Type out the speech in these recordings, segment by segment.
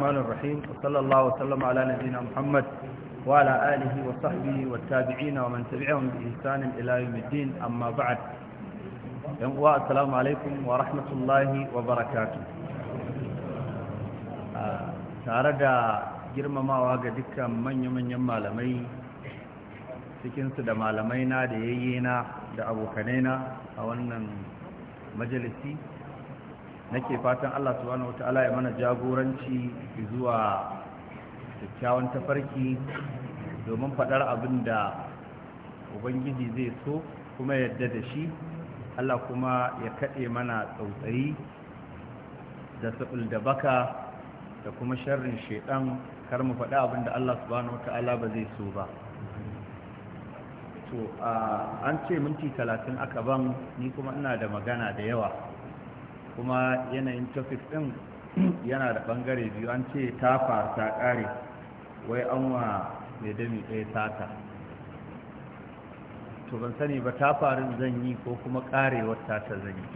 الرحمن الرحيم وصلى الله وسلم على نبينا محمد وعلى آله وصحبه والتابعين ومن تبعهم بإحسان إلى يوم الدين أما بعد السلام عليكم ورحمة الله وبركاته tare da girmamawa ga dukkan manya-manyan malamai cikinsu da malamai na da yayye na da abokanai na a wannan majalisi nake fatan Allah subhanahu wata'ala ya mana jagoranci zuwa kyakkyawan tafarki domin faɗar abin da ubangiji zai so kuma yadda da shi Allah kuma ya kaɗe mana tsautsayi da sabul da baka da kuma sharrin shaiɗan kar mu faɗi abin da Allah subhanahu wata'ala ba zai so ba to an ce minti talatin aka ban ni kuma ina da magana da yawa kuma yanayin tafif ɗin yana da ɓangare biyu an ce ta faru ta ƙare wai an wa mai dami ɗaya sata to ban sani ba ta faru zan yi ko kuma ƙarewar tata zan yi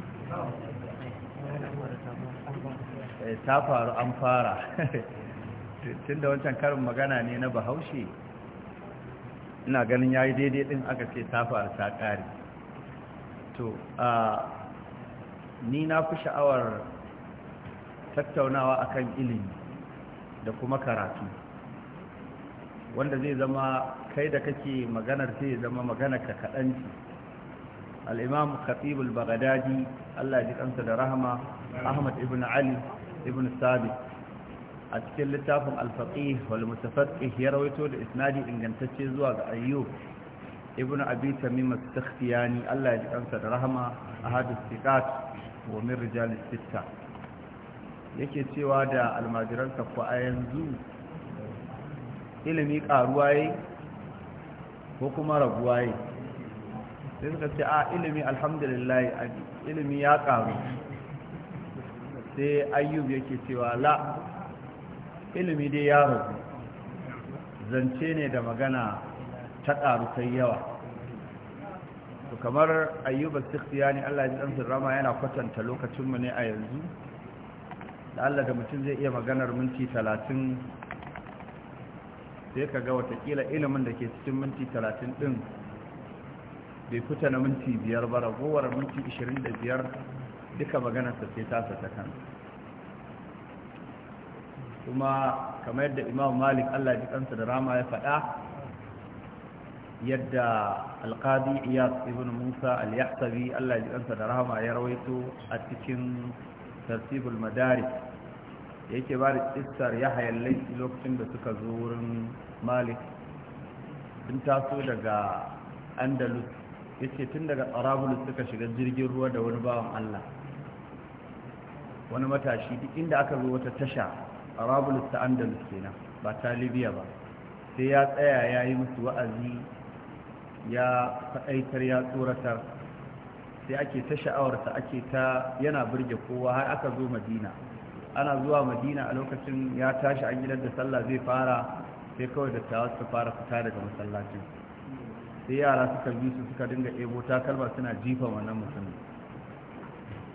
eh, ta faru an fara tun da wancan karin magana ne na bahaushe ina ganin ya yi daidai ɗin aka ce ta faru ta ƙare to a ah, ni na fi sha'awar tattaunawa akan ilimi da kuma karatu wanda zai zama kai da kake maganar zai zama maganar ka kaɗanci al'imam khatibul bagadadi allah ji kansa da rahama ahmad ibn ali ibn sabi a cikin littafin alfaƙi walmutafaƙi ya rawaito da isnadi ingantacce zuwa ga ayyo ibn abi tamim as-sakhtiyani allah ji kansa da rahama ahadus sikat wa min rijalis yake cewa da almajiransa ku a yanzu ilimi karuwa yi ko kuma raguwa yi sai suka ce a ilimi alhamdulillah ilimi ya karu sai ayyub yake cewa la ilimi dai ya ragu zance ne da magana ta karu sai yawa To kamar ayyuba sikhtiyani Allah ya ji rama yana kwatanta lokacin mu ne a yanzu da Allah da mutum zai iya maganar minti 30 sai kaga watakila ilimin da ke cikin minti 30 din bai fita na minti 5 ba ragowar minti 25 duka maganar sa sai tasa ta kan kuma kamar yadda Imam Malik Allah ya ji da rama ya faɗa yadda alkadi iyas ibn musa al-yahsabi allah ji ɗansa da rahama ya rawaito a cikin tartibul madaris yake ba da istar ya hayallai lokacin da suka zo wurin malik sun taso daga andalus ya ce tun daga tsarabulus suka shiga jirgin ruwa da wani bawan allah wani matashi duk inda aka zo wata tasha tsarabulus ta andalus kenan ba ta libya ba sai ya tsaya ya yi musu wa'azi ya faɗaitar ya tsoratar sai ake ta sha'awarsa ake ta yana birge kowa har aka zo madina ana zuwa madina a lokacin ya tashi an gidan da sallah zai fara sai kawai da tawa suka fara fita daga masallacin sai yara suka bi su suka dinga ebo takalma suna jifa wannan mutum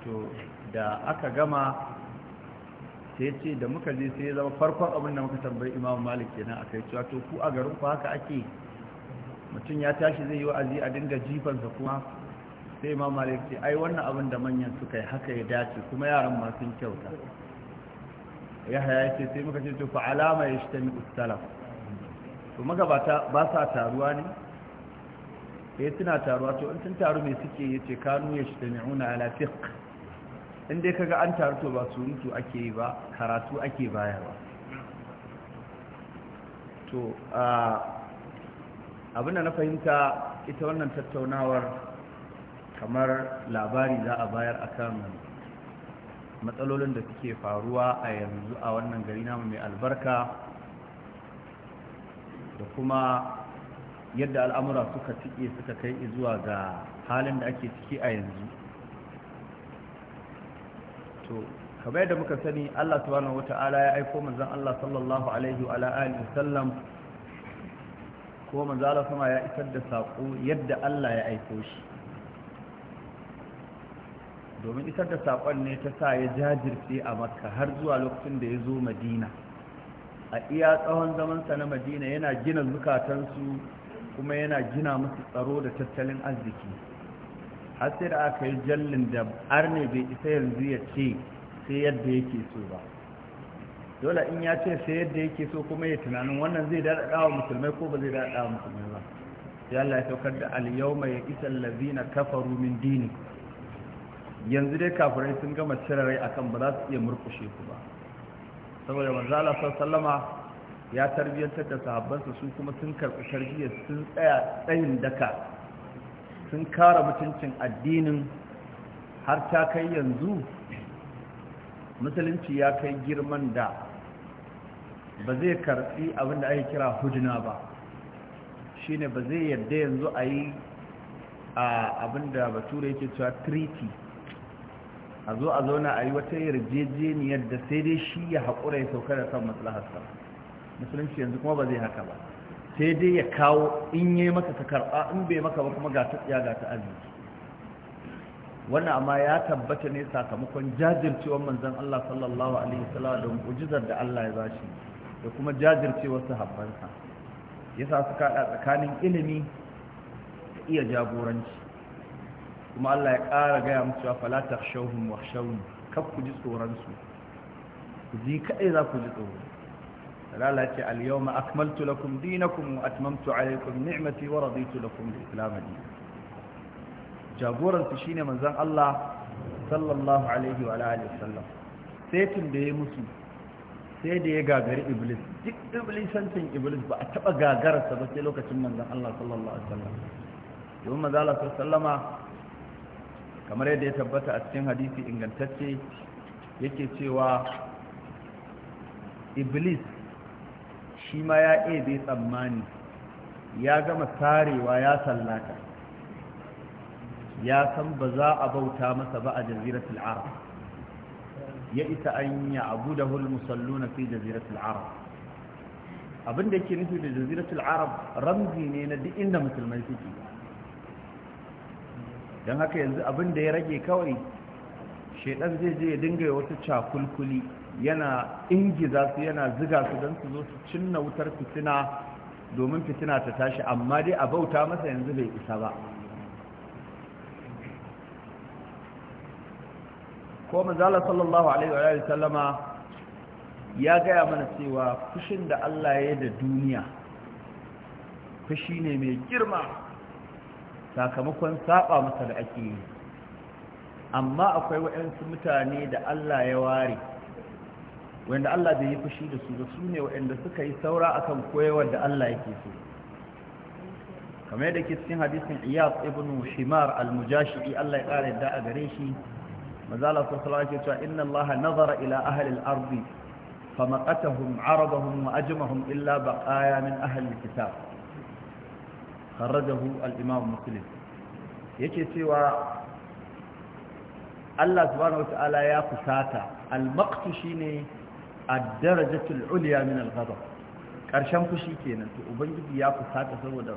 to da aka gama sai ce da muka je sai ya zama farkon abin da muka tambayi imam malik kenan a kai cewa to ku a garin ku haka ake mutum ya tashi zai yi wa'azi a dinga jifansa kuma sai ma malik ce ai wannan abin da manyan suka yi haka ya dace kuma yaran ma sun kyauta ya haya ce sai muka ce to fa alama ya shi ta mi ustalaf to magabata ba sa taruwa ne ya eh, suna taruwa to in sun taru mai suke ya ce kanu ya shi ta mi'una ala fiqh in dai kaga an taru to ba surutu ake yi ba karatu ake bayarwa to a ah, abinda na fahimta ita wannan tattaunawar kamar labari za a bayar akan matsalolin da suke faruwa a yanzu a wannan gari namu mai albarka da kuma yadda al'amura suka tike suka kai zuwa ga halin da ake ciki a yanzu to kamar yadda muka sani Allah subhanahu wata'ala ya aiko manzon Allah sallallahu alaihi wa alihi sallam. ko manzala sama ya isar da saƙo yadda Allah ya aiko shi domin isar da saƙon ne ta sa ya jajirce a makka har zuwa lokacin da ya zo madina a iya tsawon zamansa na madina yana gina zukatansu kuma yana gina musu tsaro da tattalin arziki har sai da aka yi jallin da arne bai isa yanzu ya ce sai yadda yake so ba dole in ya ce sai yadda yake so kuma ya tunanin wannan zai daɗaɗa wa musulmai ko ba zai daɗaɗa wa musulmai ba ya Allah ya saukar da al-yawma ya isa na kafaru min dini yanzu dai kafirai sun gama cirarai akan ba za su iya murkushe ku ba saboda manzo Allah sallama ya tarbiyantar da sahabbansa su kuma sun karɓi tarbiyya sun tsaya tsayin daka sun kare mutuncin addinin har ta kai yanzu musulunci ya kai girman da ba zai karfi abinda ake kira hujna ba shine ba zai yadda yanzu a yi abinda bature yake cewa treaty a zo a zauna a yi wata yarjejeniyar da sai dai shi ya haƙura ya sauka da kan maslaharsa musulunci yanzu kuma ba zai haka ba sai dai ya kawo in yi maka ta in bai maka ba kuma ga ta gata ga arziki wannan amma ya tabbata ne sakamakon jajircewar manzan Allah sallallahu alaihi wasallam da mu'jizar da Allah ya bashi da kuma jajircewar sahabbansa yasa suka haɗa tsakanin ilimi da iya jagoranci kuma Allah ya ƙara gaya musu cewa fala takhshawhum wakhshawni kaf ku ji tsoron su ku ji kai za ku ji tsoro Allah ya ce al yawma akmaltu lakum dinakum wa atmamtu alaykum ni'mati wa raditu lakum al islam dinan jagoran su shine manzon Allah sallallahu alaihi wa alihi wasallam sai tun da ya musu sai da ya gagari iblis duk iblisancin iblis ba a taɓa gagararsa ba sai lokacin manzan Allah sallallahu Alaihi wasallam domin manzan su sallama kamar yadda ya tabbata a cikin hadisi ingantacce yake cewa iblis shi ma ya ebe tsammani ya gama sarewa, ya sallata ya san ba za a bauta masa ba a jazirar arab ya isa an ya abu da hul musallu na fi jaziratul arab abinda yake nufi da jaziratul arab ramzi ne na duk inda musulmai suke don haka yanzu abin da ya rage kawai shaidan zai je ya dinga ya wata cakulkuli yana ingiza su yana ziga su don su zo su cinna wutar fitina domin fitina ta tashi amma dai a bauta masa yanzu bai isa ba ko manzala sallallahu alaihi wa sallama ya gaya mana cewa fushin da Allah ya da duniya fushi ne mai girma sakamakon saba masa da ake yi amma akwai waɗansu mutane da Allah ya ware wanda Allah bai yi fushi da su ba su ne waɗanda suka yi saura akan koyawar da Allah yake so kamar yadda ke cikin hadisin iyas ibn al-shimar al-mujashi'i Allah ya ƙara yadda a gare shi mazala sallallahu alaihi wasallam inna allaha nazara ila ahli al-ardi famaqatahum arabahum wa ajmahum illa baqaya min ahli al-kitab kharrajahu al-imam muslim yake cewa Allah subhanahu wata'ala ya kusata al shine ad-darajatul ulya min al-ghadab karshen fushi kenan to ubangiji ya kusata saboda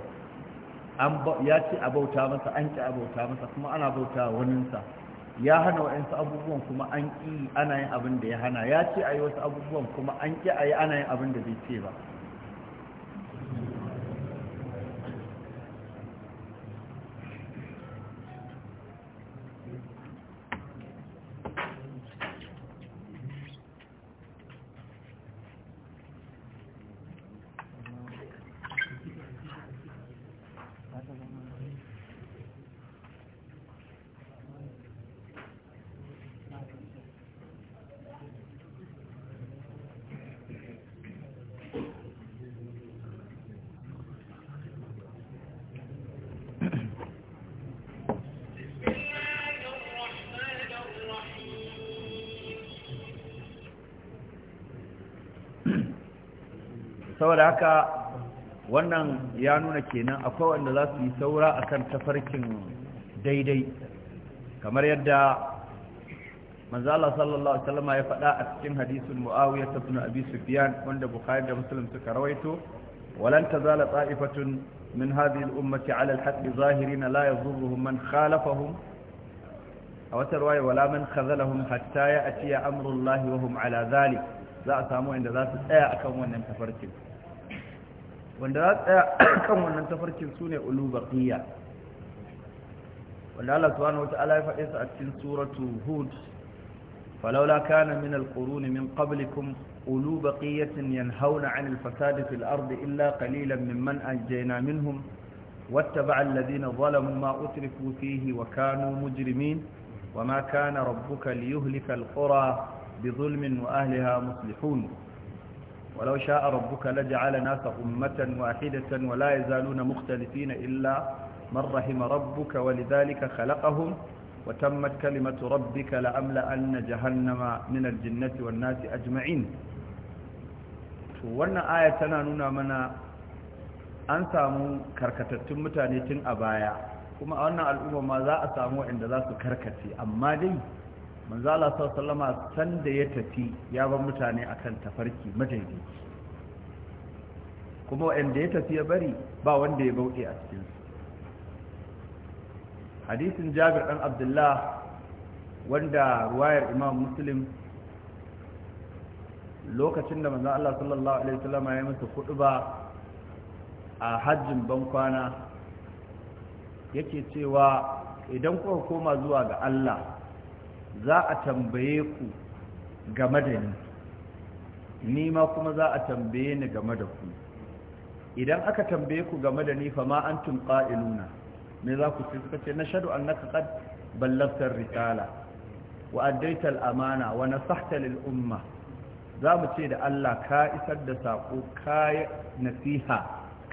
an ya ci abauta masa an ci abauta masa kuma ana bauta waninsa ya hana wa'ansu abubuwan kuma an ƙi ana yin abin da ya hana ya ce a yi wasu abubuwan kuma an ƙi a yi ana yin abin da bai ce ba saboda haka wannan ya nuna kenan akwai wanda za su yi saura akan tafarkin daidai kamar yadda maza sallallahu ya faɗa a cikin hadisin Muawiya ibn Abi Sufyan wanda Bukhari da Muslim suka rawaito walan tazala ta'ifatun min hadhihi al-ummati 'ala al-haqqi zahirina la yadhurruhum man a aw tarwaya wala man khazalahum hatta ya a ciya wa hum 'ala zali za a samu inda za su tsaya akan wannan tafarkin wanda za tsaya kan wannan tafarkin su ne ulubaqiyya wanda Allah subhanahu wata'ala ya faɗe su a cikin suratu hud falaula kana min alquruni min qablikum ulu baqiyatin yanhauna 'anil fasadi fil ardi illa qalilan mimman anjayna minhum utrifu fihi wa kanu أتركوا فيه وكانوا مجرمين وما كان ربك bi zulmin wa ahliha muslihun ولو شاء ربك لجعل الناس أمة واحدة ولا يزالون مختلفين إلا من رحم ربك ولذلك خلقهم وتمت كلمة ربك لأملأن جهنم من الجنة والناس أجمعين wannan aya tana nuna mana an samu karkatattun mutane tun a baya kuma a wannan al'umma ma za a samu waɗanda za su amma manzo Allah sallama san da ya tafi ya bar mutane akan tafarki madaidaici kuma wanda ya tafi ya bari ba wanda ya bauɗe a cikin hadisin Jabir ɗan Abdullah wanda ruwayar Imam Muslim lokacin da manzo Allah sallallahu alaihi wasallama ya masa ba a hajjin bankwana yake cewa idan kuka koma zuwa ga Allah za a tambaye ku game da ni ni ma kuma za a tambaye ni game da ku idan aka tambaye ku game da ni fa ma antum qa'iluna me za ku ce suka ce annaka qad ballagta ar-risala wa addaita al-amana wa nasahta lil umma za mu ce da Allah ka isar da sako ka nasiha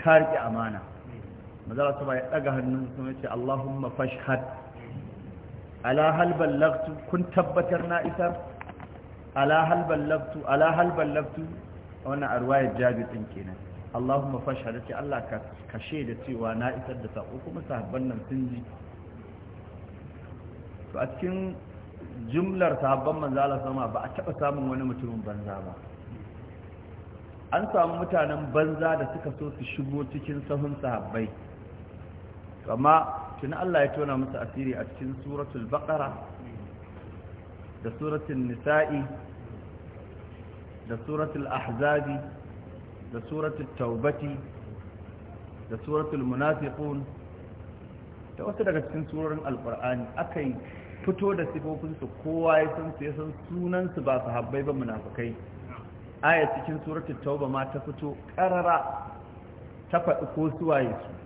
ka riƙe amana maza ta ba ya ɗaga hannun sun ce Allahumma fashhad ala hal kun tabbatar na isar ala hal ballagtu ala hal ballagtu wannan arwayar jabir din kenan Allahumma ce Allah ka kashe da cewa na isar da sako kuma sahabban nan sun ji to a cikin jumlar sahabban manzo Allah sama ba a taba samun wani mutumin banza ba an samu mutanen banza da suka so su shigo cikin sahun sahabbai amma tuni Allah ya tona musu asiri a cikin suratul baqara da suratul nisa'i da suratul ahzabi da suratul taubati da suratul munafiqun Ta wasu daga cikin surorin aka yi fito da sifofinsu kowa ya san su ya san sunansu ba sahabbai ba munafikai aya cikin suratul tauba ma ta fito karara ta faɗi ko suwaye su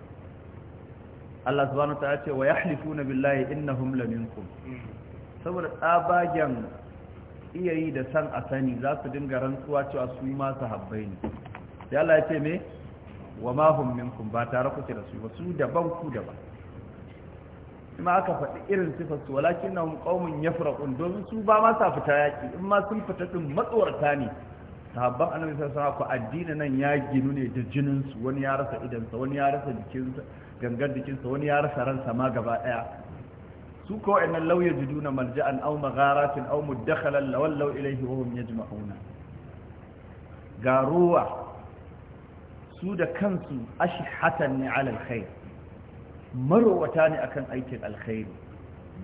Allah subhanahu ta'ala ce wa yahlifuna billahi innahum laminkum saboda tsabagen iyayi da san a sani za su dinga rantsuwa cewa su ma sahabbai ne sai Allah ya ce me wa ma hum minkum ba tare kuke da su ba su daban ku daban kuma aka faɗi irin sifar su walakin na hum qaumun yafraqun domin su ba ma sa fita yaki in ma sun fita din matsuwarta ne sahabban annabi sallallahu alaihi wasallam ku addini nan ya ginu ne da jinin su wani ya rasa idan sa wani ya rasa jikin sa gangan jikinsa wani ya rasa ransa ma gaba daya su ko lauya law yajiduna malja'an aw magharatin aw mudakhalan lawallaw ilayhi wa hum yajma'una ga su da kansu ashihatan ni ala alkhair marwata ne akan aikin alkhairi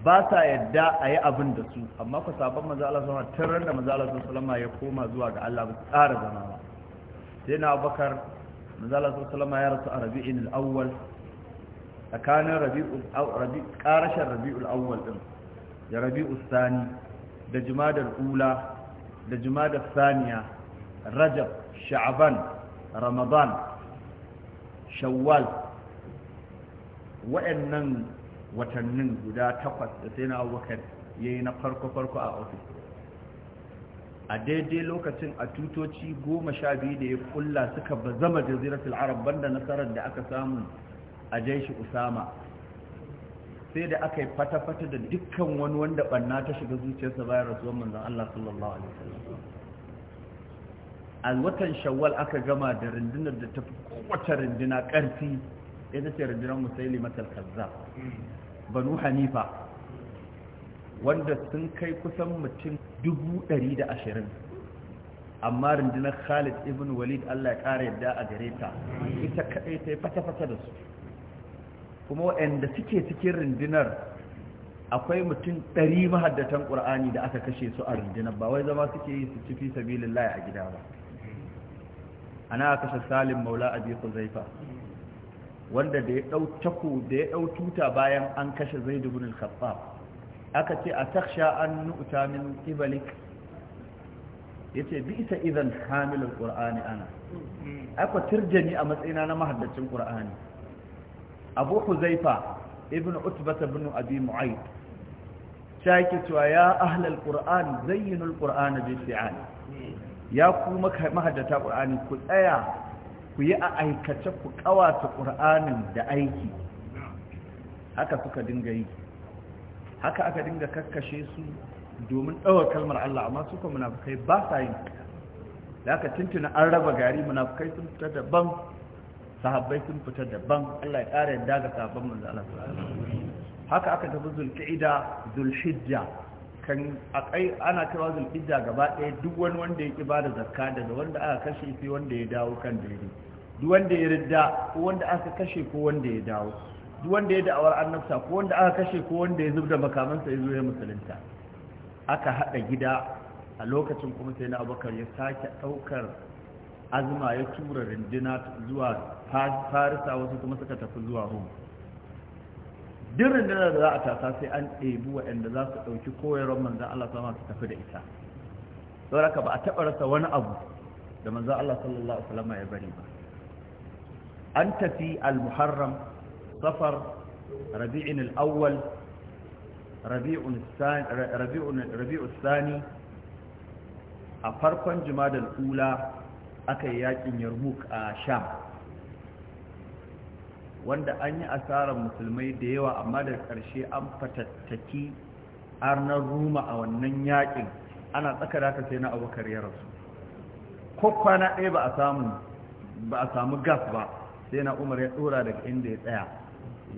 ba sa yadda a yi abin da su amma ku sabon maza'ala sama tarar da maza'ala sallama ya koma zuwa ga Allah ba tsara zama ba sai na abubakar maza'ala sallama ya rasu a rabi'in al'awwal tsakanin karashen rabi'ul awwal ɗin da rabi'ul sani da jimadar ula da jimadar saniya rajab sha'aban ramadan shawwal wa'annan watannin guda takwas da sai na abubakar ya yi na farko-farko a ofis a daidai lokacin a tutoci goma sha biyu da ya kulla suka ba zama jaziratul arab banda nasarar da aka samu a jaishi usama sai da aka yi fata-fata da dukkan wani wanda banna ta shiga zuciyarsa bayan rasuwar manzan Allah sallallahu Alaihi wasallam a watan shawwal aka gama da rundunar da ta fi kowace runduna ƙarfi ita ce rundunar musaili matal kaza banu hanifa wanda sun kai kusan mutum dubu ɗari da ashirin amma rundunar khalid ibn walid allah ya ƙara yadda a gare ta ita kaɗai ta yi fata-fata da su kuma waɗanda suke cikin rundunar akwai mutum ɗari mahaddatan ƙur'ani da aka kashe su a rundunar ba wai zama suke yi su cifi sabilin a gida ba ana kashe salim maula a abi zaifa wanda da ya ɗau tako da ya ɗau tuta bayan an kashe zai ibn al aka ce a taksha an nu'ta min ibalik Ya ce bi isa izan hamilin ƙur'ani ana aka turjani a matsayina na mahaddacin ƙur'ani abu huzaifa ibn utbata ibn abi ta shaki cewa ya ahlal qur'an zayyinul qur'an bi fi'al ya ku mahaddata qur'ani ku tsaya ku yi a aikace ku kawata qur'anin da aiki haka suka dinga yi haka aka dinga kakkashe su domin dawar kalmar Allah amma suka munafukai ba sa yin da aka tuntuna an raba gari munafukai sun fita daban sahabbai sun fita daban Allah ya ƙara yadda ga sahabban manzo Allah haka aka tafi zulqa'ida zulhijja kan akai ana kira zulhijja gaba ɗaya duk wani wanda ya ibada zakka daga wanda aka kashe sai wanda ya dawo kan daidai duk wanda ya ridda ko wanda aka kashe ko wanda ya dawo duk wanda ya da'awar annabta ko wanda aka kashe ko wanda ya zubda makamansa ya zo ya musulunta aka hada gida a lokacin kuma sai na abubakar ya sake ɗaukar Azuma ya tura Rinduna zuwa farisa wasu kuma suka tafi zuwa rum duk rindinar da za a tasa sai an ɗebi waɗanda za su ɗauki koyarwar manzan Allah sama su tafi da ita sau haka ba a taɓa rasa wani abu da manzan Allah sallallahu Alaihi wasallam ya bari ba an tafi al-muharram safar rabi'in al-awwal rabi'un sani a farkon jimadar ula aka yi yakin yarmouk a sham wanda an yi asarar musulmai da yawa amma da ƙarshe an fatattaki arnar ruma a wannan yakin ana tsakar haka sai na abokar ya rasu ko kwana ɗaya ba a samu gas ba sai na umar ya tsora daga inda ya tsaya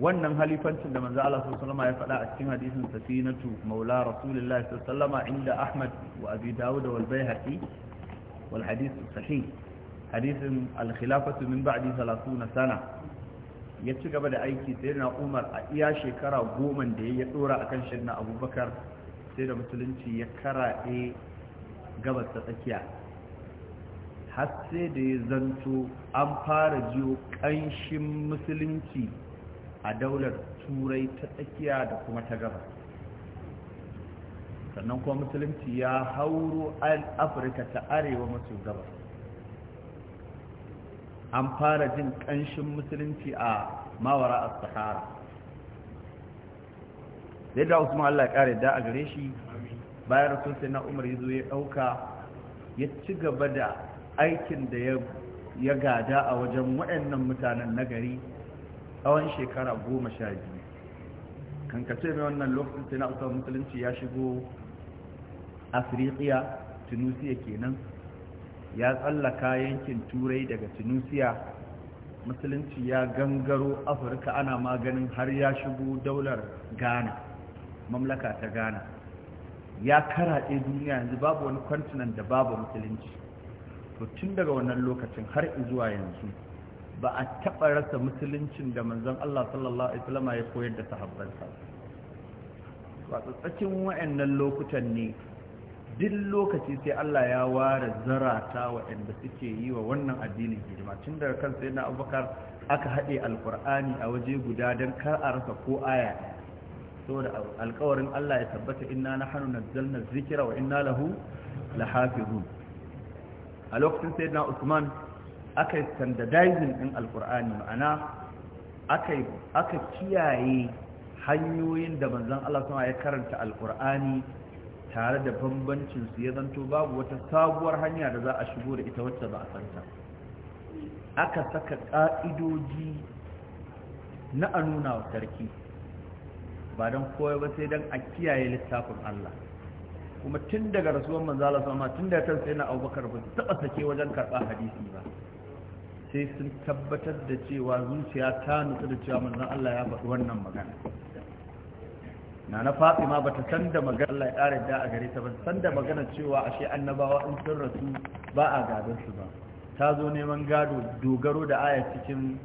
wannan halifancin da manzo Allah sallallahu ya faɗa a cikin hadisin safinatu maula rasulullahi sallallahu alaihi wasallam inda Ahmad wa Abi Dawud wal bayhaqi والحديث الصحيح حديث الخلافة من بعد ثلاثون سنة يتشك بدأ أيكي سيدنا عمر يا شكرا قوما دي يقرأ أكن شدنا أبو بكر سيدة مسلمة يكرا إي قبل ستكيا hasse da ya zanto an fara jiyo ƙanshin musulunci a daular turai ta tsakiya da kuma ta gabas sannan kuma musulunci ya hauro afirka ta arewa maso gaba. an fara jin ƙanshin musulunci a mawara a sahara zai da usman allah kare da a gare shi bayan rasulsa na umar ya ya ɗauka ya ci gaba da aikin da ya gada a wajen waɗannan mutanen nagari tsawon shekara goma sha biyu kankace mai wannan lokacin sai na usman musulunci ya shigo afirikiya Tunisia kenan ya tsallaka yankin turai daga Tunisia. musulunci ya gangaro afirka ana maganin har ya shigo daular ghana mamlaka ta ghana ya karaɗe duniya yanzu babu wani kwantinan da babu musulunci to tun daga wannan lokacin har zuwa yanzu ba a taɓa rasa musuluncin da manzon Allah sallallahu Alaihi wasallama ya koyar da sahabbansa ba tsatsakin wa'annan lokutan ne duk lokaci sai Allah ya ware zarata waɗanda suke yi wa wannan addinin hidima tun daga kan sai na abubakar aka haɗe alkur'ani a waje guda don kar a rasa ko aya saboda alkawarin Allah ya tabbata inna na hannu zalna zikira wa inna lahu lahafizun a lokacin sai na usman aka yi standardizing ɗin alkur'ani ma'ana aka kiyaye hanyoyin da manzon Allah sama ya karanta alkur'ani tare da bambancin su ya zanto babu wata sabuwar hanya da za a shigo da ita wacce ba a santa aka saka ƙa'idoji na a nuna wa sarki ba don koya ba sai don a kiyaye littafin Allah kuma tun daga rasuwan manzala sama tun da kan sai na abubakar ba su taɓa sake wajen karɓa hadisi ba sai sun tabbatar da cewa zuciya ta nutsu da cewa manzan Allah ya faɗi wannan magana na na fatima ba ta san da magana Allah ya da a gare ta ba san da magana cewa ashe annabawa in sun rasu ba a gaban su ba ta zo neman gado dogaro da aya cikin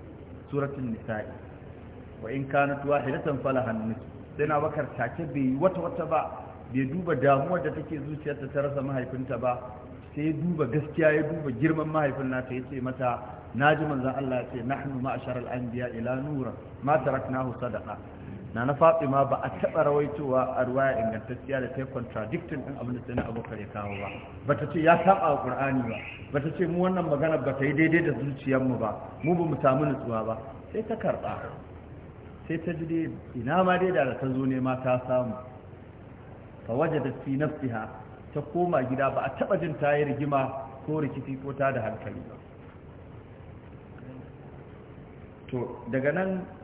suratul nisa'i wa in kanat wahidatan falahan nisf sai na bakar take bai wata wata ba bai duba damuwar da take zuciyarta ta rasa mahaifinta ba sai duba gaskiya ya duba girman mahaifin nata ya ce mata naji manzan Allah ya ce nahnu ma'ashar anbiya ila nura ma taraknahu sadaqa na na ma ba a taɓa rawaitowa a ruwaya ingantacciya da ta yi contradicting ɗin abin da sai na abokan ya kawo ba ba ta ce ya saba wa ƙur'ani ba ba ta ce mu wannan magana ba ta yi daidai da zuciyarmu ba mu ba mu samu nutsuwa ba sai ta karɓa sai ta ji dai ina ma dai da ta zo ne ma ta samu fa waje da fi nafsiha ta koma gida ba a taɓa jin ta yi rigima ko rikici ko ta da hankali ba to daga nan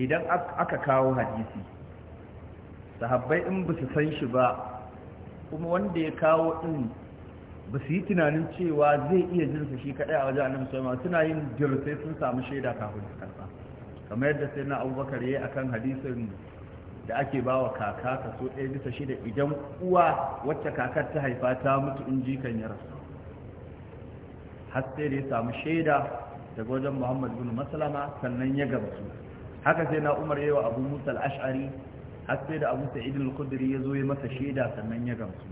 idan aka kawo hadisi sahabbai in ba su san shi ba kuma wanda ya kawo din ba su yi tunanin cewa zai iya jinsa shi kadai a wajen annabi sallallahu suna yin sai sun samu shaida kafin su karba kamar yadda sai na abubakar yayi akan hadisin da ake wa kaka kaso ɗaya bisa shida idan uwa wacce kakar ta haifa ta mutu in ji kan rasu har sai da ya samu shaida daga wajen muhammad bin maslama sannan ya gamsu haka sai na umar yayi wa abu musa al-ash'ari har sai da abu sa'id al-khudri ya zo ya masa shaida sannan ya gamsu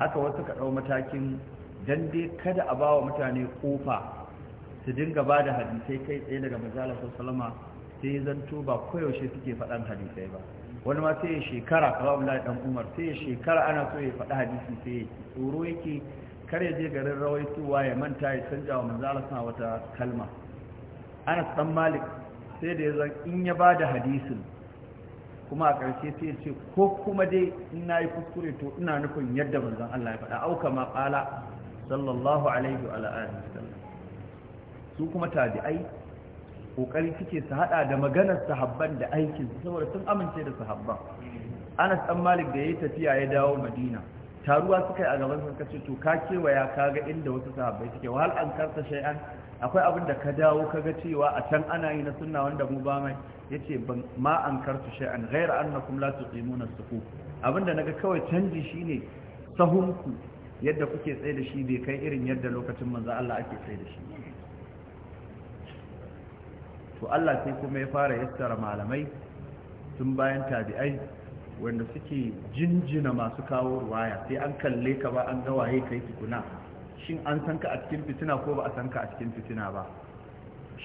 haka wasu ka dau matakin dan dai kada a bawa mutane kofa su dinga ba da hadisai kai tsaye daga manzala sallama sai zanto ba koyaushe suke faɗan hadisai ba wani ma sai ya shekara kawai dan umar sai ya shekara ana so ya faɗi hadisi sai ya tsoro yake kar ya je garin rawaituwa ya manta ya canja wa manzala sa wata kalma anas san malik sai da ya in ya ba da hadisin kuma a ƙarshe sai ya ce ko kuma dai in na yi kuskure to ina nufin yadda manzon Allah ya faɗa auka ma ƙala sallallahu alaihi wa alihi su kuma tabi'ai kokari suke su hada da maganar sahabban da aikin saboda sun amince da sahabban Anas dan Malik da ya yi tafiya ya dawo Madina taruwa suka yi a gaban sun kace to ka kewaya ka ga inda wasu sahabbai suke wahal an karta shay'an akwai abin da ka dawo ka ga cewa a can ana yi na sunna wanda mu ba mai yace ma an kartu shay'an ghayra annakum na tuqimuna as-sufu abinda naga kawai canji shine sahunku yadda kuke tsaye da shi bai kai irin yadda lokacin manzo Allah ake tsaye da shi to Allah sai kuma ya fara yassara malamai tun bayan tabi'ai wanda suke jinjina masu kawo ruwaya sai an kalle ka ba an ga waye kai tukuna shin an san ka a cikin fitina ko ba a san ka a cikin fitina ba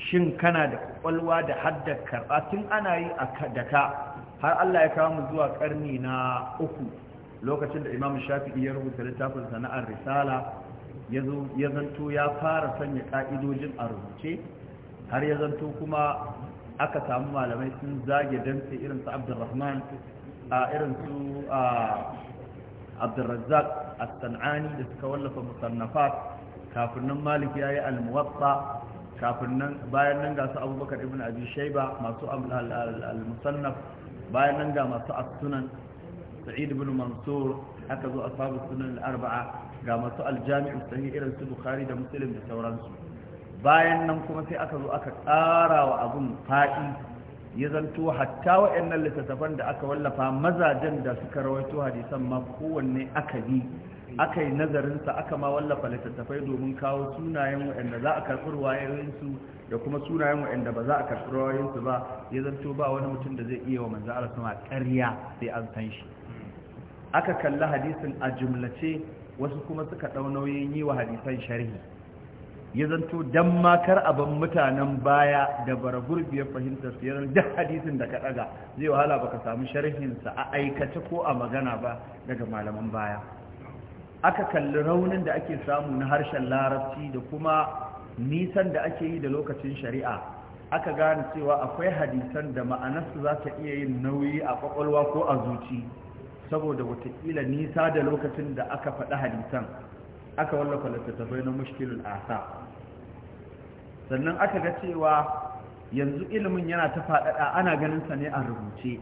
shin kana da kwalwa da haddar karɓa tun ana yi da ka har Allah ya kawo mu zuwa karni na uku lokacin da imam shafi'i ya rubuta littafin sana'ar risala ya zanto ya fara sanya ƙa'idojin a rubuce har ya zanto kuma aka samu malamai sun zage dantse irin su abdulrahman a irin abdurrazzaq as-san'ani da suka wallafa musannafat kafin nan malik yi al-muwatta kafin nan bayan nan ga su abubakar ibn abi shayba masu al-musannaf bayan nan ga masu as-sunan sa'id ibn mansur aka zo ashabu sunan al-arba'a ga masu al-jami'u sahih irin su bukhari da muslim da sauransu bayan nan kuma sai aka zo aka ƙara wa abun fa'i ya zanto hatta waɗannan littattafan da aka wallafa mazajen da suka rawaito hadisan ma kowanne aka bi aka yi nazarinsa aka ma wallafa littattafai domin kawo sunayen wa'anda za a karɓi ruwayoyinsu da kuma sunayen wa'anda ba za a karɓi ruwayoyinsu ba ya zanto ba wani mutum da zai iya wa manzo Allah sama ƙarya sai an san shi aka kalli hadisin a jumlace wasu kuma suka ɗau nauyin yi wa hadisan sharhi ya zanto dan makar abin mutanen baya da bara ya fahimtar su yaran duk hadisin da ka daga zai wahala baka samu sharhinsa a aikace ko a magana ba daga malaman baya aka kalli raunin da ake samu na harshen larabci da kuma nisan da ake yi da lokacin shari'a aka gane cewa akwai hadisan da ma'anarsu za ta iya yin nauyi a kwakwalwa ko a zuci saboda watakila nisa da lokacin da aka faɗi hadisan aka wallafa littattafai na mushkilul asa sannan aka ga cewa yanzu ilimin yana ta faɗaɗa ana ganin sa ne a rubuce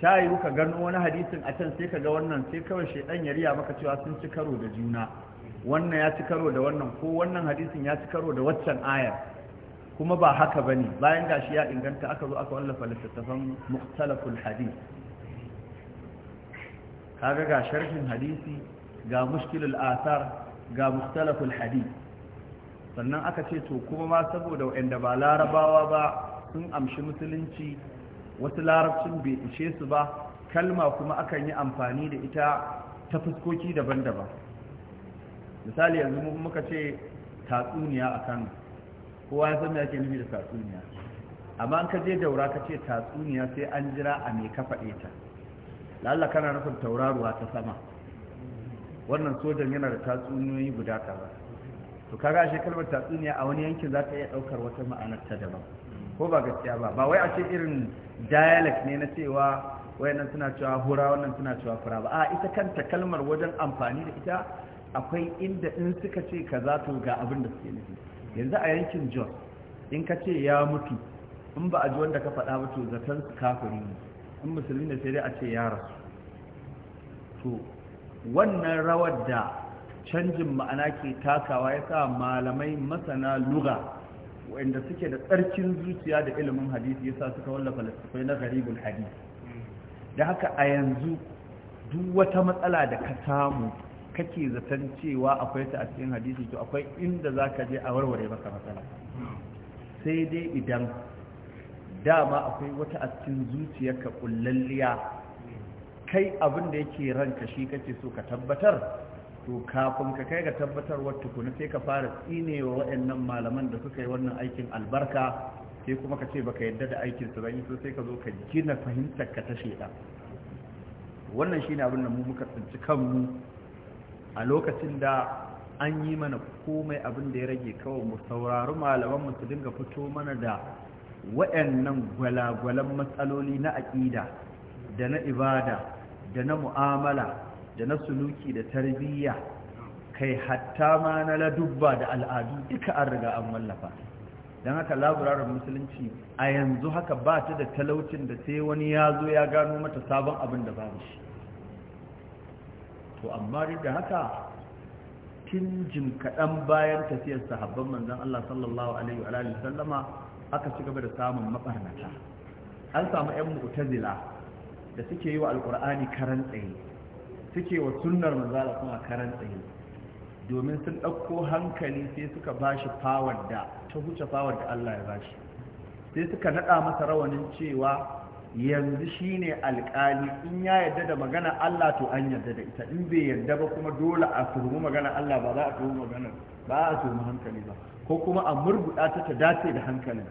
ta yiwu ka gano wani hadisin a can sai ka ga wannan sai kawai shaidan ya riya maka cewa sun ci karo da juna wannan ya ci karo da wannan ko wannan hadisin ya ci karo da waccan ayar kuma ba haka ba ne bayan gashi ya inganta aka zo aka wallafa littattafan muktalaful hadis kaga ga sharhin hadisi ga mushkilul asar ga mustalaful hadith sannan aka ce to kuma ma saboda waɗanda ba larabawa ba sun amshi musulunci wasu larabcin bai ishe su ba kalma kuma akan yi amfani da ita ta fuskoki daban-daban misali yanzu muka ce tatsuniya a kano kowa ya zama yake nufi da tatsuniya amma an ka je daura ka ce tatsuniya sai an jira a mai kafa ta lalla kana nufin tauraruwa ta sama wannan sojan yana da tatsuniyoyi guda tara to kaga shi kalmar tatsuniya a wani yankin za ta iya ɗaukar wata ma'anar ta daban ko ba gaskiya ba ba wai a ce irin dialect ne na cewa wayannan suna cewa hura wannan suna cewa fura ba a ita kanta kalmar wajen amfani da ita akwai inda in suka ce kaza to ga abin da suke nufi yanzu a yankin Jos in ka ce ya mutu in ba a ji wanda ka faɗa ba to zaton su kafiri ne in musulmi ne sai dai a ce ya rasu to wannan rawar da canjin ma'ana ke takawa ya sa malamai masana lura wanda suke da tsarkin zuciya da ilimin hadisi ya sa suka wallafa littattafai na garibin hadisi da haka a yanzu duk wata matsala da ka samu kake zaton cewa akwai ta a cikin hadisi to akwai inda za ka je a warware maka matsala sai dai idan dama akwai wata a cikin ka kullalliya kai abin da yake ranka shi kake so ka tabbatar to kafin ka kai ga tabbatar wata sai ka fara tsinewa waɗannan malaman da suka yi wannan aikin albarka sai kuma ka ce baka yadda da aikin su bane so sai ka zo ka gina fahimtar ka ta sheda wannan shine abin da mu muka tsinci kanmu a lokacin da an yi mana komai abin da ya rage kawai mu saurari malaman mu su dinga fito mana da waɗannan gwalagwalan matsaloli na aƙida da na ibada da na mu'amala da na suluki da tarbiyya kai hatta ma na ladubba da al'adu duka an riga an wallafa don haka laburarar musulunci a yanzu haka ba ta da talaucin da sai wani ya zo ya gano mata sabon abin da babu shi to amma duk da haka tun jin kaɗan bayan tafiyar sahabban manzan Allah sallallahu alaihi wa sallama aka cigaba da samun mabarnata an samu 'yan mu'tazila da suke yi wa alkur'ani karan tsaye suke wa sunnar manzala kuma karan tsaye domin sun ɗauko hankali sai suka ba shi fawar da ta huce fawar da Allah ya ba shi sai suka naɗa masa rawanin cewa yanzu shi ne alƙali in ya yarda da magana Allah to an yarda da ita in bai yarda ba kuma dole a turmi magana Allah ba za a turmi magana ba a turmi hankali ba ko kuma a murguɗa ta ta dace da hankalin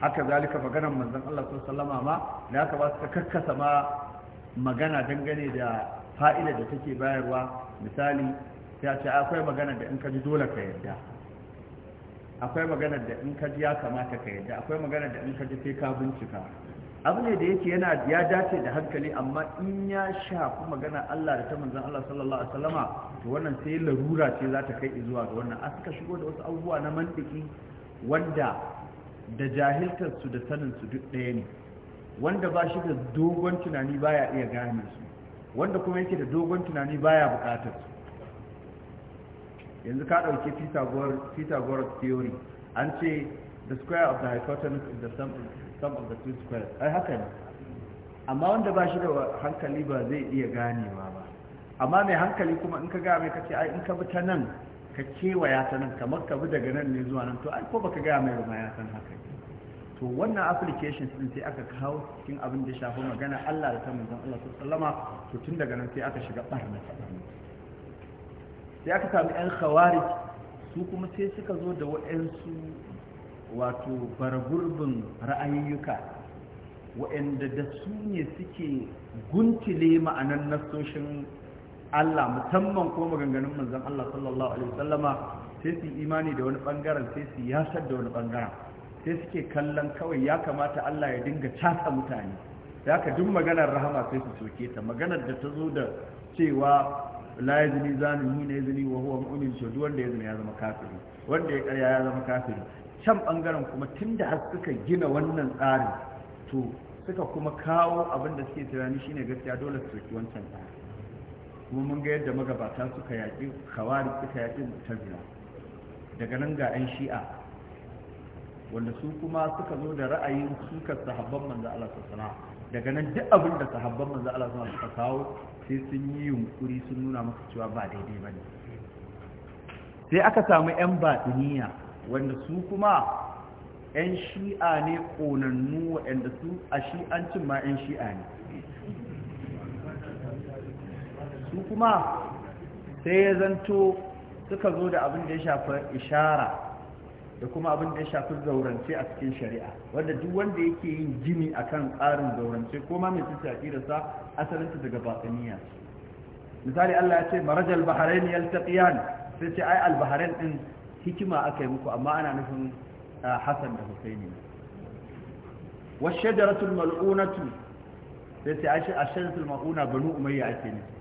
haka zalika maganar manzon Allah sallallahu ma da ka ba su kakkasa ma magana dangane da fa'ida da take bayarwa misali ya ce akwai magana da in ka ji dole ka yarda akwai magana da in ka ji ya kamata ka yarda akwai magana da in ka ji sai ka bincika abu ne da yake yana ya dace da hankali amma in ya shafi magana Allah da ta manzon Allah sallallahu alaihi wasallama to wannan sai larura ce za ta kai zuwa ga wannan a suka shigo da wasu abubuwa na mantiki wanda da jahiltarsu da saninsu duk ɗaya ne wanda ba shi da dogon tunani baya iya gane su wanda kuma yake da dogon tunani baya bukatar su yanzu ka ɗauki pythagoras theory an ce the square of the hypotenuse is the sum, sum of the two squares ai haka ne amma wanda ba shi da hankali ba zai iya ganewa ba amma mai hankali kuma in ka ga mai kace ai in ka bi ta nan ka kewaya ta nan kamar ka bi daga nan ne zuwa nan to ai ko baka gaya mai ba ya san haka to wannan applications din sai aka kawo cikin abin da shafi magana Allah da ta manzon Allah sallama to tun daga nan sai aka shiga barna sai aka samu yan khawarij su kuma sai suka zo da waɗansu wato bargurbin ra'ayoyuka waɗanda da su ne suke guntile ma'anan nasoshin Allah musamman ko maganganun manzon Allah sallallahu alaihi wasallama sai su imani da wani bangaren sai su yasar da wani bangaren sai suke kallon kawai ya kamata Allah ya dinga casa mutane ya ka duk maganar rahama sai su soke ta maganar da ta zo da cewa la yazni zanin hina yazni wa huwa mu'min to duk wanda yazni ya zama kafiri wanda ya karya ya zama kafiri can bangaren kuma tunda har suka gina wannan tsarin to suka kuma kawo abin da suke tunani shine gaskiya dole su soki wancan tsarin kuma mun ga yadda magabata suka yaƙi khawari suka yaƙi mutazila daga nan ga 'yan shi'a wanda su kuma suka zo da ra'ayin suka sahabban manzo Allah sassana daga nan duk abin da sahabban manzo Allah sassana suka kawo sai sun yi yunkuri sun nuna maka cewa ba daidai ba ne sai aka samu 'yan baɗiniya wanda su kuma 'yan shi'a ne ƙonannu waɗanda su a shi'ancin ma 'yan shi'a ne su kuma sai ya zanto suka zo da abin da ya shafi ishara da kuma abin da ya shafi zaurance a cikin shari'a wanda duk wanda yake yin jini akan ƙarin zaurance ko ma mai tafiya da sa asalinta daga batsaniya misali Allah ya ce marajal bahrain yaltaqiyan sai ce ai al bahrain din hikima aka yi muku amma ana nufin ah, Hassan da Husaini wa shajaratul mal'unatu sai ce ai shajaratul mal'una banu umayya ake nufi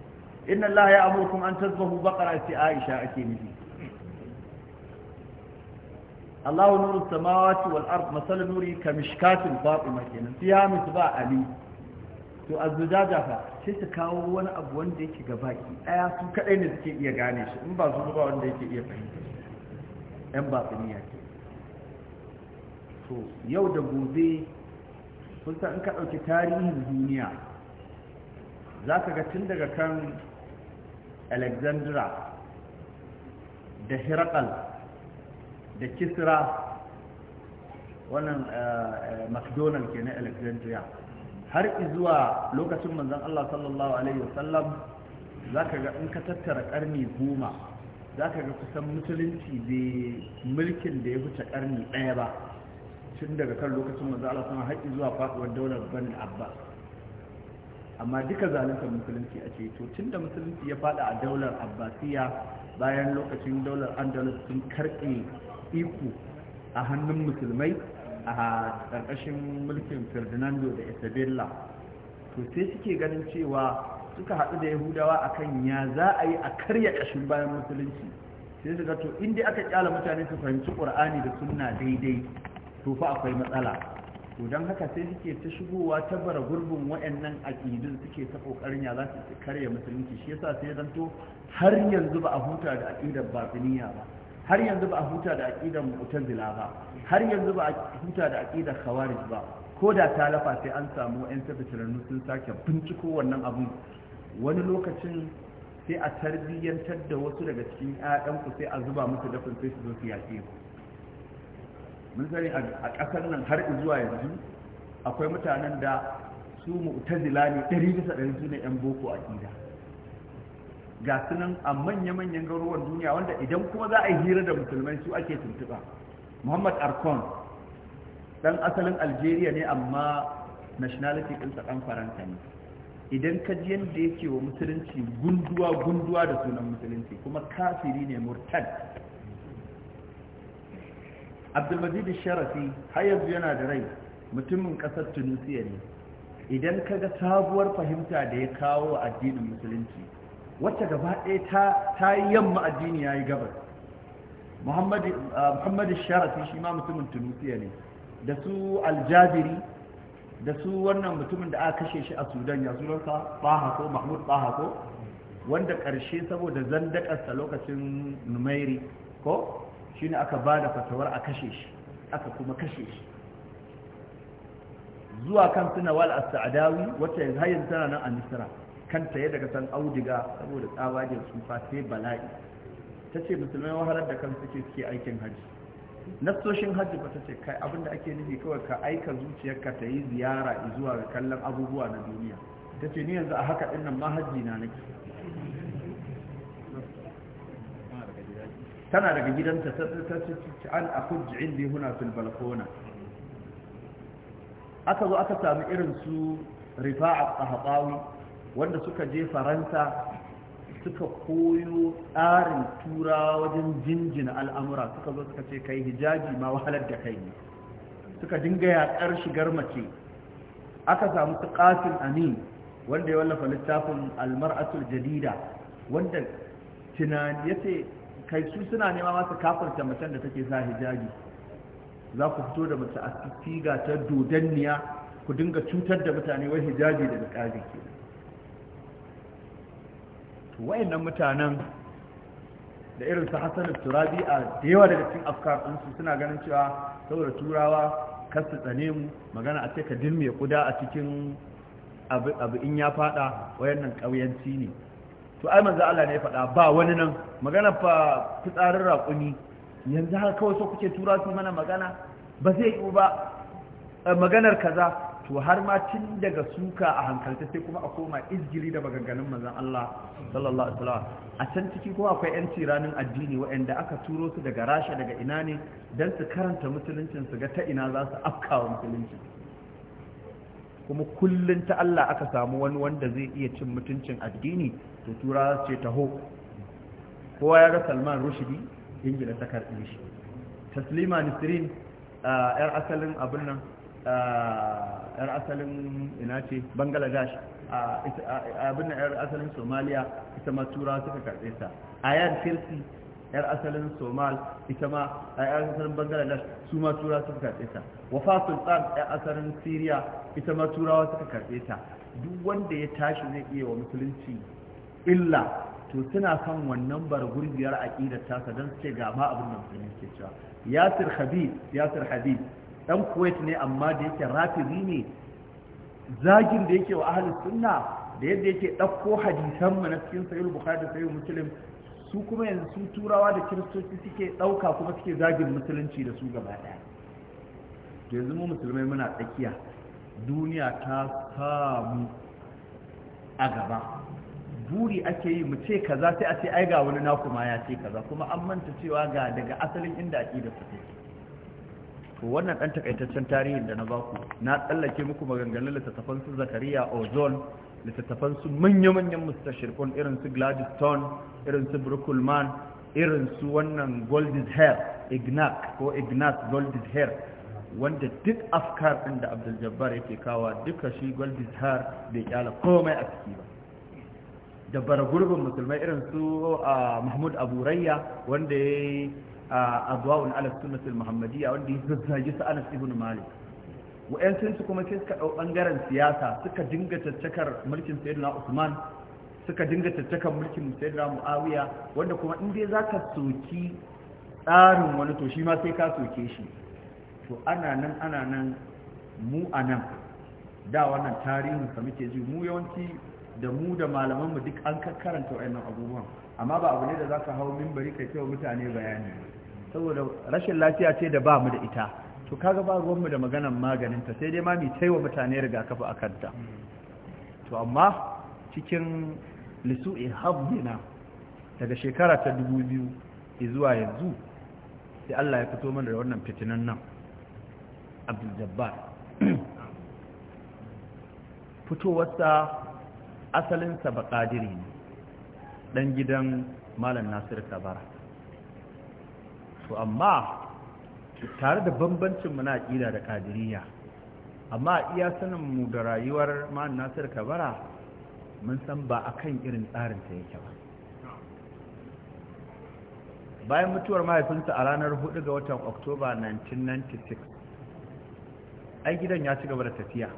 inna Allah ya amurkum an tazbahu baqara sai Aisha ake nufi Allahu nuru samawati wal ard masal nuri ka mishkatin fatima kenan fiha misba ali to azzaja fa sai ta kawo wani abu wanda yake baki. daya su kadai ne suke iya gane shi in ba su ba wanda yake iya fahimta yan batsiniya ke to yau da gobe kun san in ka dauki tarihin duniya za ka ga tun daga kan alexandra da hirakal da kisra wannan eh, mcdonald ke na alexandria har zuwa lokacin manzan allah sallallahu alaihi wasallam za ka ga in ka tattara karni goma za ka ga kusan musulunci bai mulkin da ya wuce karni ɗaya ba tun daga kan lokacin manzan allah wasallam har zuwa faɗuwar daular banin abbas amma duka zaluntar musulunci a ce to tun da musulunci ya fada a daular abbasiya bayan lokacin daular andalus sun karɓe iko a hannun musulmai a ƙarƙashin mulkin ferdinando da isabella to sai suke ganin cewa suka haɗu da yahudawa a kan ya za a yi a karya ƙashin bayan musulunci sai ga to inda aka kyala mutane su fahimci ƙur'ani da sunna daidai to fa akwai matsala to don haka sai suke ta shigowa ta bara gurbin wa'annan aƙidun suke ta ƙoƙarin ya za su karya musulunci shi yasa sai zanto har yanzu ba a huta da aƙidar babiniya ba har yanzu ba a huta da aƙidar mu'tazila ba har yanzu ba a huta da aƙidar khawarij ba ko da ta lafa sai an samu ƴan tabbatarnu sun sake binciko wannan abu wani lokacin sai a tarbiyyantar da wasu daga cikin yayanku sai a zuba musu dafin sai su zo su yaƙe ku mun sani a ƙasar nan har zuwa yanzu akwai mutanen da su mu'tazila ne ɗari bisa ɗari su ne 'yan boko a gida. ga su nan a manya-manyan garuruwan duniya wanda idan kuma za a yi hira da musulmai su ake tuntuɓa muhammad arkon ɗan asalin algeria ne amma nationality ɗinsa ɗan faranta ne idan ka ji yadda yake wa musulunci gunduwa-gunduwa da sunan musulunci kuma kafiri ne murtad abdulmajid sharafi har yanzu yana da rai mutumin kasar tunisiya ne idan ka ga sabuwar fahimta da ya kawo wa addinin musulunci wacce gaba ɗaya ta yi yamma addini ya yi gabar muhammadu uh, sharafi shi ma mutumin tunisiya ne da su aljabiri da su wannan mutumin da aka kashe shi a sudan ya sunansa baha ko mahmud baha ko wanda ƙarshe saboda zandakarsa lokacin numairi ko ne aka ba da fatawar a kashe shi aka kuma kashe shi zuwa kan suna wal as-sa'dawi wacce yanzu har yanzu tana nan a Misira. Kan ya daga san audiga saboda tsabagen tsufa bala'i ta ce musulmai wahalar da kansu ke suke aikin hajji nassoshin hajji ba ta ce kai abinda ake nufi kawai ka aika zuciyarka ta yi ziyara zuwa ga kallon abubuwa na duniya ta ce ni yanzu a haka ɗin nan ma hajji na nake tana daga gidanta ta ta an akuj indi huna fil balkona aka zo aka sami irin su rifa'a qahqawi wanda suka je faransa suka koyo tsarin tura wajen jinjina al'amura suka zo suka ce kai hijaji ma wahalar da kai ne suka dinga yaƙar shigar mace aka samu su qasim amin wanda ya wallafa littafin almar'atul jadida wanda tunani yace kai su suna nema masu kafarta macen da take sa hijabi za ku fito da mace a figa ta dodanniya ku dinga cutar da mutane wai hijabi da niqabi ke to wayannan mutanen da irin su Hassan Turabi a da yawa daga cikin afkar su suna ganin cewa saboda turawa kar su tsane mu magana a ce ka kuda a cikin abu in ya fada wayannan kauyanci ne to ai manzo Allah ne ya faɗa ba wani nan magana fa fitsarin raƙumi yanzu har kawai so kuke tura su mana magana ba zai yi ba eh, maganar kaza to har ma tun daga suka a hankalta sai kuma a koma izgiri da maganganun manzon Allah sallallahu alaihi wasallam a can ciki kuma akwai yan tiranin addini waɗanda aka turo su daga Rasha daga ina ne don su karanta musuluncin su ga ta ina za su afkawa musulunci kuma kullun ta Allah aka samu wani wanda zai iya cin mutuncin addini to tura ce taho kowa ya ga Salman rushidi ingila ta karɓi shi Taslima Nisrin yar asalin abin nan yar asalin ina ce Bangladesh abin nan yar asalin Somalia ita ma tura suka karɓe ta Ayan Filsi yar asalin somal ita ma a yar asalin bangladesh su ma tura suka karɓe ta wafa sultan yar asalin syria ita ma turawa suka karɓe ta duk wanda ya tashi zai iya wa musulunci illa to suna kan wannan bar gurbiyar aqidar tasa don su ce ga ma abin da musulmi ke cewa yasir habib yasir habib dan kuwait ne amma da yake rafidi ne zagin da yake wa ahlus sunna da yadda yake dauko hadisan mu na cikin sahih bukhari da sahih muslim su kuma yanzu su turawa da kiristoci suke ɗauka kuma suke zagin musulunci da su gaba ɗaya yanzu mu musulmai muna tsakiya duniya ta samu a gaba buri ake yi mu ce kaza sai a ce ai ga wani naku ma ya ce kaza kuma an manta cewa ga daga asalin inda aqida da su to wannan dan takaitaccen tarihin da na baku na tsallake muku maganganun littattafan su Zakariya Ozon littattafan su manya-manyan mustashirkon irin su gladys stone irin su brookman, irin su wannan goldis hair ignac ko ignac goldis hair wanda duk afkar ɗin da abdul jabbar yake kawo duka shi goldis hair bai kyala komai a ciki ba da bara gurbin musulmai irin su a mahmud abu rayya wanda ya yi a abuwa wani wanda ya zazzage su anas ibn malik wa'yancinsu kuma sai suka ɗau ɓangaren siyasa suka dinga caccakar mulkin sayyidina usman suka dinga caccakar mulkin sayyidina muawiya wanda kuma in dai za ka soki tsarin wani to shi ma sai ka soke shi to ana nan ana nan mu a da wannan tarihin ka muke ji mu yawanci da mu da malaman mu duk an karanta wa'annan abubuwan amma ba abu ne da za ka hau mimbari kai kyau mutane bayani saboda rashin lafiya ce da ba mu da ita to kaga ba ruwanmu da maganan maganinta sai dai ma mai taiwa mutane rigakafi a kanta to amma cikin e habdina daga shekara ta dubu biyu zuwa yanzu sai Allah ya fito mana da wannan fitinan nan abdul jabbar fitowarsa asalinsa baƙadiri ne ɗan gidan malam nasir kabara to amma tare da bambancin mu na da ƙadiriya amma iya sanin mu da rayuwar ma'an nasir kabara mun san ba a kan irin tsarin ta yake ba bayan mutuwar mahaifinsa a ranar 4 ga watan oktoba 1996 ai gidan ya ci gaba da tafiya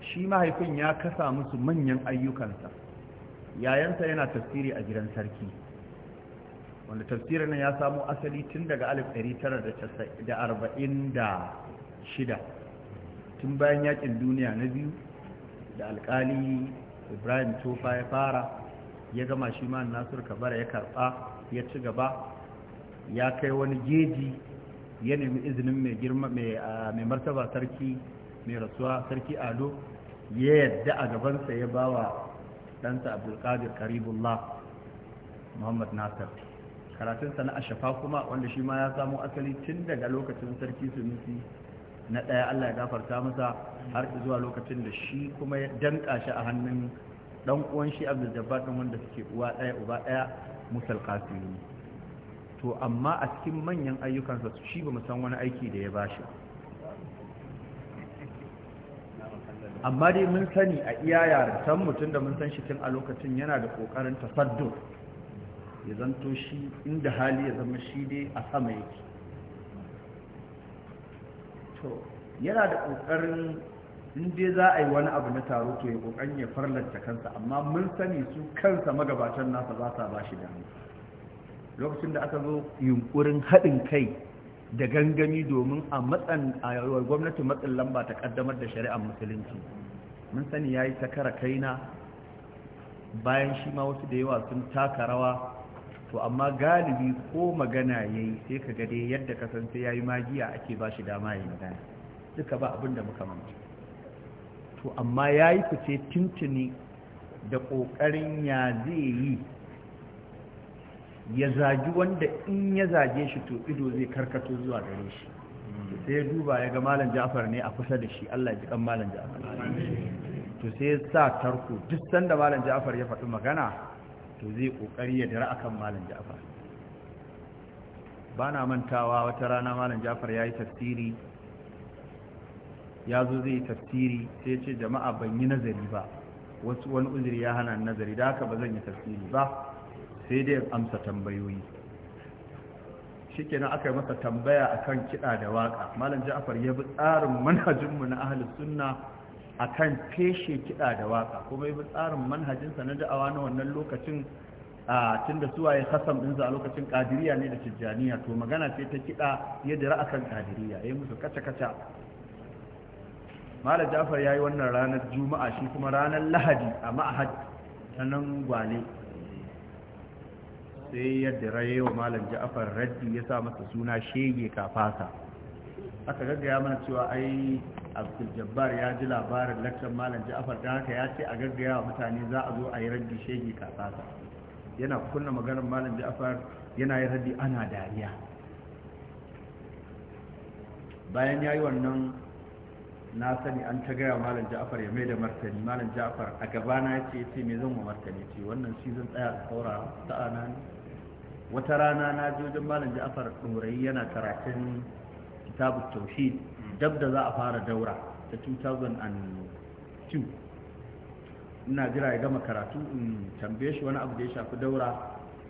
shi mahaifin ya kasa musu manyan ayyukansa yayansa yana tafsiri a gidan sarki wanda tafsirin nan ya samo asali tun daga 1946 tun bayan yakin duniya na biyu da alkali ibrahim tofa ya fara ya gama shi ma nasur kabara ya karba ya ci gaba ya kai wani geji, ya nemi izinin mai girma mai martaba sarki mai rasuwa sarki ado ya yadda a gabansa ya bawa ɗansa abdulkadir karibullah muhammad nasir karatunsa na ashafa kuma wanda shi ma ya samu asali tun daga lokacin sarki sunusi na ɗaya allah ya gafarta masa har zuwa lokacin da shi kuma ya danka shi a hannun ɗan uwan shi abdul ɗin wanda suke uwa ɗaya uba ɗaya musal kafin to amma a cikin manyan ayyukansa shi ba san wani aiki da ya ba shi amma dai mun sani a iya san mutum da mun san shi tun a lokacin yana da ƙoƙarin tasaddur ya zanto shi inda hali ya zama shi dai a sama yake to yana da ƙoƙarin inda dai za a yi wani abu na taro to ya ƙoƙarin ya farlanta kansa amma mun sani su kansa magabatan nasa ba sa ba shi damu lokacin da aka zo yunkurin haɗin kai da gangami domin a matsan a gwamnati matsin lamba ta ƙaddamar da shari'ar musulunci mun sani ya yi ta kara kaina bayan shi ma wasu da yawa sun taka rawa to amma galibi ko magana yayi sai ka ga dai yadda ka san sai yayi magiya ake ba shi dama yayi magana duka ba abin da muka to amma yayi fice tintini da kokarin ya zai yi ya zagi wanda in ya zage shi to ido zai karkato zuwa gare shi sai ya duba ya ga malam Ja'far ne a kusa da shi Allah ya ji kan malam Ja'far to sai ya sa tarko duk sanda malam Ja'far ya faɗi magana to zai kokari ya dira akan malam ja'far bana mantawa wata rana malam ja'far ya tafsiri ya zo zai yi tafsiri sai ce jama'a ban yi nazari ba wasu wani uzuri ya hana nazari da haka ba zan yi tafsiri ba sai dai amsa tambayoyi shikenan aka yi masa tambaya akan kiɗa da waka malam ja'far ya bi tsarin manhajinmu na ahlus sunna akan feshe kiɗa da waka kuma yi tsarin manhajinsa na da'awa na wannan lokacin a tun da suwaye hasam ɗinsa a lokacin ƙadiriya ne da tijjaniya to magana ce ta kiɗa yadda ra'akan kan ƙadiriya ya yi musu kaca-kaca mala jafar ya yi wannan ranar juma'a shi kuma ranar lahadi a ma'ahad ta nan gwale sai yadda raye wa malam ja'afar raddi ya sa masa suna shege kafasa aka gaggaya mana cewa ai abdul ya ji labarin lakcar malam Jafar, dan haka ya ce a gaggaya wa mutane za a zo a yi raddi shege kasasa yana kunna maganar malam Jafar yana yi raddi ana dariya bayan ya yi wannan na sani an ta gaya malam Jafar ya mai da martani malam Jafar a gabana ya ce ce me zan wa martani ce wannan shi zan tsaya a saura sa'ana wata rana na ji wajen malam Jafar ɗorayi yana karatun kitabu tauhid dab da za a fara daura ta 2002 ina jira ya gama karatu in tambaye shi wani abu da ya shafi daura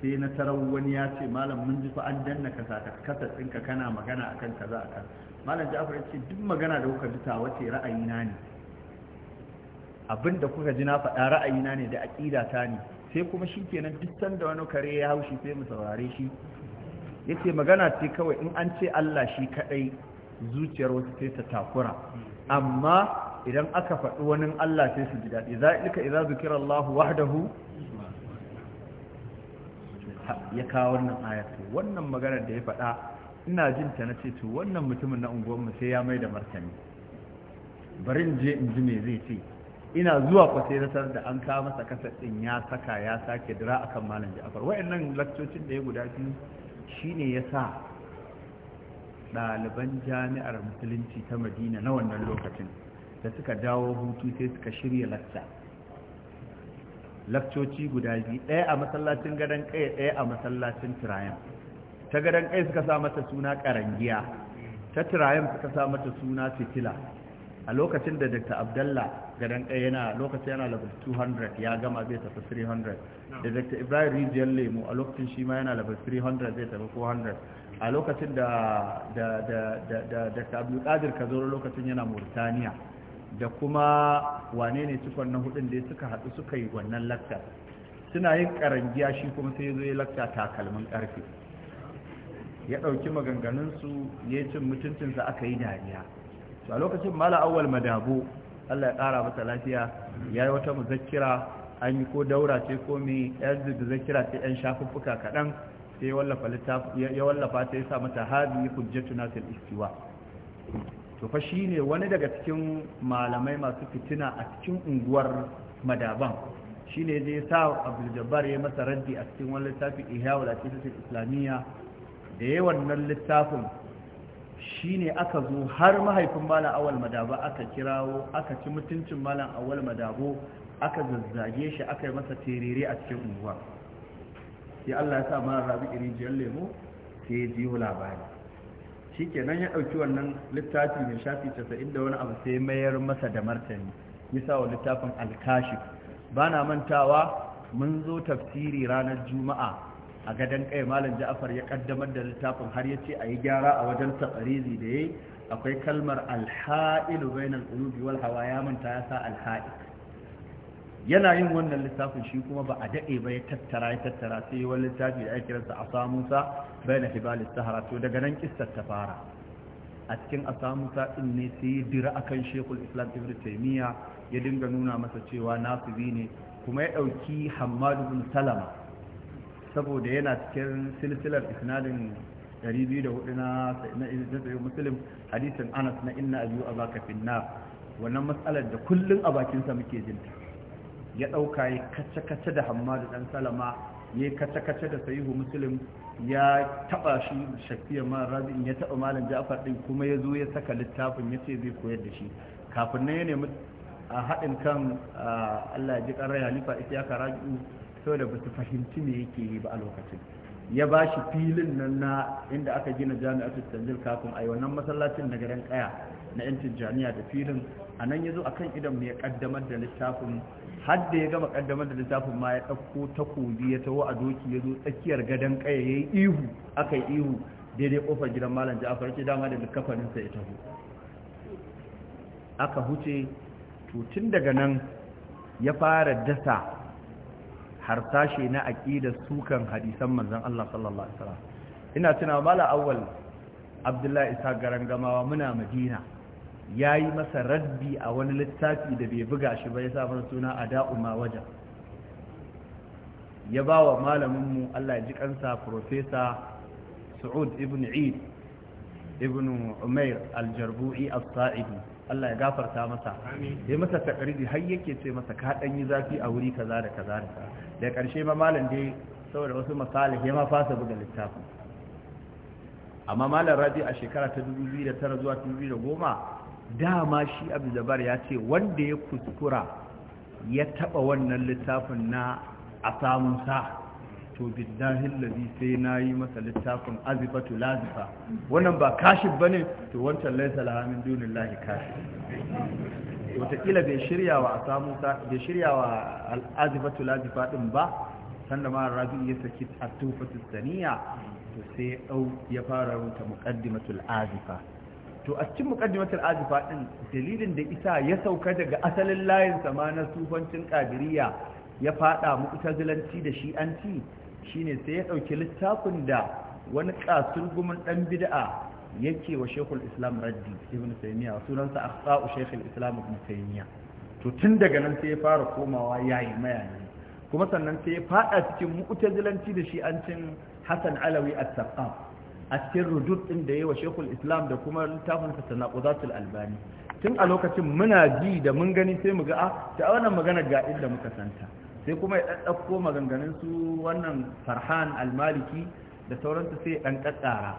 sai na tarar wani ya ce malam mun ji fa an danna kasa kasa tsinka kana magana akan kaza akan malam ja'far ce duk magana da kuka ji ta wace ra'ayina ne abin kuka ji na faɗa ra'ayina ne da aƙida ta ne sai kuma shi kenan duk sanda wani kare ya haushi sai mu saurare shi yace magana ce kawai in an ce Allah shi kaɗai. zuciyar wasu sai ta takura amma idan aka faɗi wani Allah sai su ji daɗi za'ilka iza zukira Allah wahdahu ya kawo wannan ayar wannan maganar da ya faɗa ina jin ta na ce to wannan mutumin na unguwarmu sai ya mai da martani barin in je in ji me zai ce ina zuwa ku sai da an kawo masa kasar ɗin ya saka ya sake dira akan malam Ja'far wa'annan lakcocin da ya guda shi shine sa. ɗaliban jami'ar musulunci ta madina na wannan lokacin da suka dawo hutu sai suka shirya lacca lakcoci guda biyu ɗaya a masallacin gadon ƙaya ɗaya a masallacin tirayen ta gadon ƙaya suka sa mata suna ƙarangiya ta tirayen suka sa mata suna fitila a lokacin da dr abdallah gadon ɗaya yana lokacin yana labar 200 ya gama zai tafi 300 da dr ibrahim rijiyar lemo a lokacin shi ma yana labar 300 zai tafi 400 a lokacin da da da da da lokacin yana murtaniya da kuma wane ne cikon na hudun da suka haɗu suka yi wannan lakta suna yin karangiya shi kuma sai ya zo ya lakta takalmin ƙarfe ya ɗauki maganganunsu ya cin mutuncinsa aka yi dariya a lokacin mala awal madabo allah ya ƙara masa lafiya ya yi wata muzakkira an yi ko daura ce ko mai da zakira ce yan shafuffuka kaɗan sai ya wallafa littafi ya wallafa ta yasa mata hadi hujjatuna fil istiwa to fa shine wani daga cikin malamai masu fitina a cikin unguwar madaban shine zai sa Abdul Jabbar ya masa raddi a cikin wani littafi Ihya wal Islamiyya da yayin wannan littafin shine aka zo har mahaifin malam awal madaba aka kirawo aka ci mutuncin malam awal madabo aka zazzage shi aka yi masa terere a cikin unguwa sai Allah ya sa mana rabi rijiyar lemo sai ya jiyo labari shi ke nan ya ɗauki wannan littafi mai shafi casa'in da wani abu sai mayar masa da martani ya wa littafin alkashi ba na mantawa mun zo tafsiri ranar juma'a a gadon kai malam ja'afar ya kaddamar da littafin har ya ce a yi gyara a wajen taɓarizi da ya akwai kalmar alha'ilu bainal qulubi wal hawa ya manta ya sa alha'i yana yin wannan littafin shi kuma ba a daɗe ba ya tattara ya tattara sai wani littafi da ake kiransa a sa bai na hibalis sahara to daga nan kistar ta fara a cikin a sa ɗin ne sai dira kan shekul islam ibn taimiyya ya dinga nuna masa cewa nasibi ne kuma ya ɗauki hammadu bin salama saboda yana cikin silsilar isnadin 204 na sayi musulun hadisin anas na inna biyu a baka finna wannan matsalar da kullum a bakinsa muke jinta ya ɗauka ya kace-kace da hamadu ɗan salama ya kace-kace da sayihu musulun ya taɓa shi shafiya ma ya taɓa malam ja'far ɗin kuma ya zo ya saka littafin ya ce zai koyar da shi kafin nan ya nemi a haɗin kan allah ya ji ƙarar halifa ita ya kara sau saboda ba su fahimci me yake yi ba a lokacin ya ba shi filin nan na inda aka gina jami'ar tattalin kafin a wannan masallacin na garin kaya na yancin jami'a da filin a nan ya zo a kan idan mai kaddamar da littafin har da ya gama kaddamar da littafin ma ya ɗauko takobi ya taho a doki ya zo tsakiyar gadon kaya ya yi ihu aka yi ihu daidai kofar gidan malam ja'afar yake dama da kafaninsa ya taho aka huce to tun daga nan ya fara dasa harsashe na aƙidar sukan hadisan manzon Allah sallallahu alaihi wasallam ina tuna mala awwal Abdullahi Isa Garangamawa muna Madina yayi masa raddi a wani littafi da bai buga shi ba ya sa suna Ada'u Mawaja ya ba malamin mu Allah ya ji kansa Professor Saud ibn Eid ibn Umair al-Jarbu'i as-Sa'idi Allah ya gafarta masa ya masa takaridi har yake ce masa ka dan yi zafi a wuri kaza da kaza da da karshe ma malam dai saboda wasu masalih ya ma fasa buga littafin amma malam rabi a shekara ta 2009 zuwa 2010 dama shi abu ya ce wanda ya kuskura ya taba wannan littafin na a samun sa to billahi allazi sai yi masa littafin azifatu lazifa wannan ba kashif ne, to wancan laysa laha min dunillahi kashif wataƙila bai shiryawa a samu bai shiryawa al'azifatu lazifa din ba sanda ma rabi ya saki at-tufatu saniya to sai au ya fara rubuta muqaddimatul azifa to a cikin muqaddimatul azifa din dalilin da isa ya sauka daga asalin layin sama na sufancin qadiriyya ya fada mu'tazilanci da shi'anci shine sai ya dauki littafin da wani kasurgumin dan bida'a yake wa shekul islam raddi ibn taymiya sunansa akhta'u shekul islam ibn taymiya to tun daga nan sai ya fara komawa yayi mayani kuma sannan sai ya fada cikin mu'tazilanci da cin hasan alawi at-saqaf a cikin rujud din da yayi wa shekul islam da kuma littafin sa tanaqudatul albani tun a lokacin muna ji da mun gani sai mu ga a ah, ta wannan magana ga inda muka santa sai kuma ya ɗaɗɗafko maganganun su wannan farhan almaliki da sauransu sai ɗan ƙaƙƙara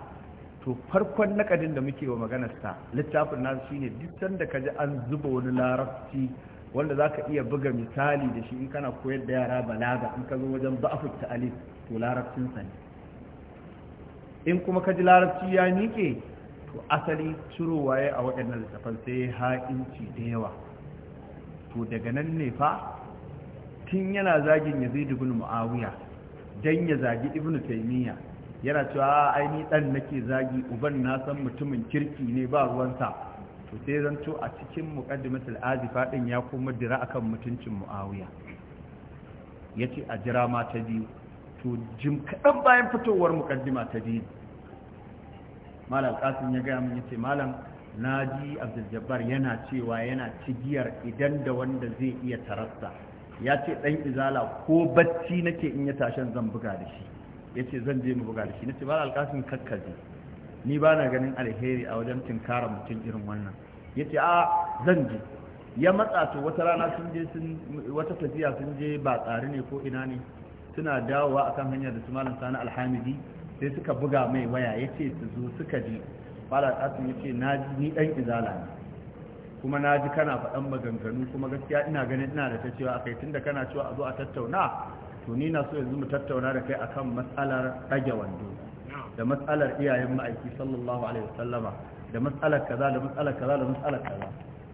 to farkon nakadin da muke wa maganarsa littafin nasu shine duk sanda ka ji an zuba wani larabci wanda za ka iya buga misali da shi in kana koyar da yara balaga in ka zo wajen ba'afu ta'alif to larabcinsa ne in kuma ka ji larabci ya nike to asali cirowa ya a waɗannan littafan sai ha'inci da yawa to daga nan ne fa tun yana zagin zai ibn muawiya dan ya zagi Ibnu taimiyya, yana cewa ai ni dan nake zagi uban na san mutumin kirki ne ba ruwansa to sai zan to a cikin muqaddimatul azifa din ya kuma dira akan mutuncin muawiya yace a jira ma ta biyu to jim kadan bayan fitowar muqaddima ta biyu malam qasim ya ga mun yace malam naji abdul jabbar yana cewa yana cigiyar idan da wanda zai iya tarasta. ya ce ɗan izala ko bacci nake in ya tashan zan buga da shi ya ce zan je mu buga da shi na ce ba alƙasin kakkaje ni ba na ganin alheri a wajen tinkara mutum irin wannan ya ce a zan je ya matsa to wata rana sun je sun wata tafiya sun je ba tsari ne ko ina ne suna dawowa akan hanyar da su malam sani alhamidi sai suka buga mai waya ya ce su zo suka je bala alƙasin ya ce na ni ɗan izala ne kuma na ji kana faɗan maganganu kuma gaskiya ina ganin ina da ta cewa a kai tunda kana cewa a zo a tattauna to ni na so yanzu mu tattauna da kai akan matsalar rage wando da matsalar iyayen ma'aiki sallallahu alaihi wasallama da matsalar kaza da matsalar kaza da matsalar kaza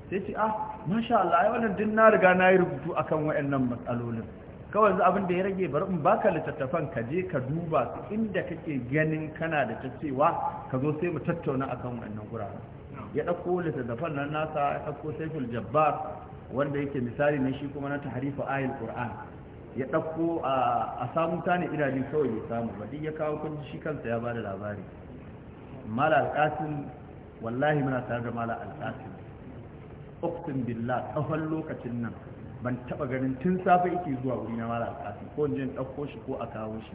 sai ce ah masha Allah ai wannan din na riga na yi rubutu akan wayannan matsalolin kawai yanzu abin da ya rage bari in baka littattafan ka je ka duba su inda kake ganin kana da ta cewa ka zo sai mu tattauna akan wayannan guraren ya ɗauko littattafan nan nasa ya ɗauko saiful jabbar wanda yake misali ne shi kuma na tahrifa ayil qur'an ya ɗauko a samu ta ne idani kawai ya samu ba ya kawo kun shi kansa ya bada labari mala alƙasim wallahi muna tare da mala alƙasim uqsim billah tsawon lokacin nan ban taɓa ganin tun safe yake zuwa wuri na mala ko in ɗauko shi ko a kawo shi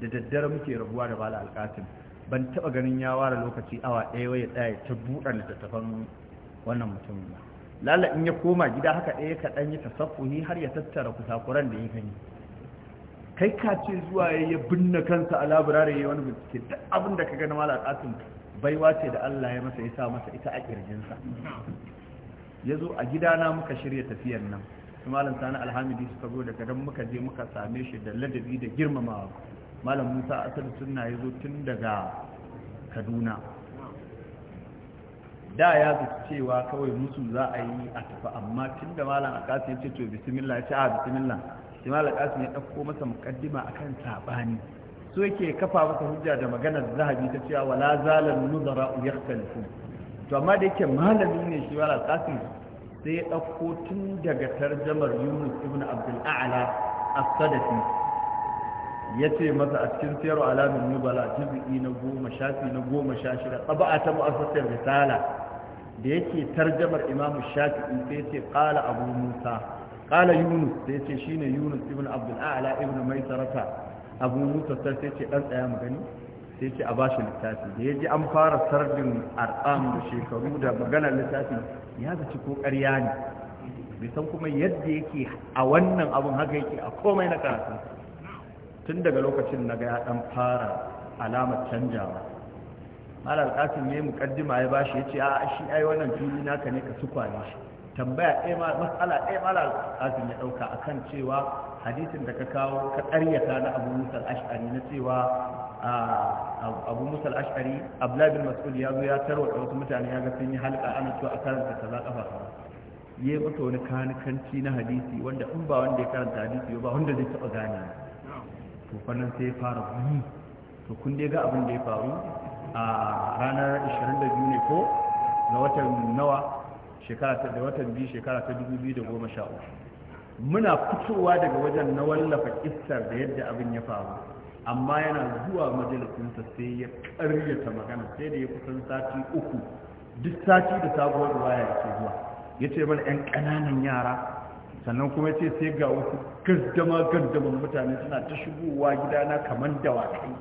da daddare muke rabuwa da mala alƙasim ban taba ganin ya ware lokaci awa ɗaya ya tsaya ta buɗe littattafan wannan mutumin ba lalla in ya koma gida haka ɗaya kaɗan ya ni har ya tattara kusakuran da ya gani kai ka ce zuwa ya ya binne kansa a laburare ya wani bincike duk abin da ka gani mala ƙasin baiwa ce da Allah ya masa ya sa masa ita a sa. ya zo a gida na muka shirya tafiyar nan su malam sani alhamidi suka zo daga don muka je muka same shi da ladabi da girmamawa malam musa asali suna ya zo tun daga kaduna da ya zuci cewa kawai musu za a yi a tafi amma tun da malam akasin ya ce to bismillah ya ce a ah, bismillah shi malam akasin ya ɗauko masa mukaddima akan saɓani so yake kafa masa hujja da maganar zahabi ta cewa wala zalan nuzara yakhtalifu to amma da yake malami ne shi malam akasin sai ya ɗauko tun daga tarjamar yunus ibn abdul a'la a sadafi ya ce masa a cikin siyar alamin nubala jibi'i na goma shafi na goma sha shida tsaba ta mu'asasar misala da yake tarjamar imamu shafi'i sai ce ƙala abu musa ƙala yunus da sai ce ne yunus ibn abdul a'la ibn sarata abu musa sai ce ɗan tsaya magani sai ce a ba shi littafi da ya ji an fara sardin ar'am da shekaru da maganar littafi ya zaci ko ƙarya ne bai san kuma yadda yake a wannan abun haka yake a komai na karatu tun daga lokacin na ga ya dan fara alamar canjawa malar kasim ne mukaddima ya ba shi ya ce a shi ai wannan fili naka ne ka tukwane shi tambaya ɗaya matsala ɗaya malar kasim ya ɗauka a kan cewa hadisin da ka kawo ka ƙaryata na abu musal ash'ari na cewa abu musal ash'ari ablabin mas'ud ya zo ya tarwata wasu mutane ya ga sun yi halka ana cewa a karanta kaza kafa ƙafa ya yi mutu wani kanikanci na hadisi wanda in ba wanda ya karanta hadisi ba wanda zai taɓa gane to nan sai ya fara buyi to kun dai ga abin da ya faru a ranar 22 ne ko ga watan nawa shekara ta da watan biyu shekara ta 2013 muna fitowa daga wajen na wallafa kissar da yadda abin ya faru amma yana zuwa majalisinsa sai ya karyata magana sai da ya kusan sati uku duk sati da sabuwar waya ya ke zuwa ya ce mana 'yan ƙananan yara sannan kuma ce sai ga wasu gaddama gaddaman mutane suna ta shigowa gidana kamar dawakai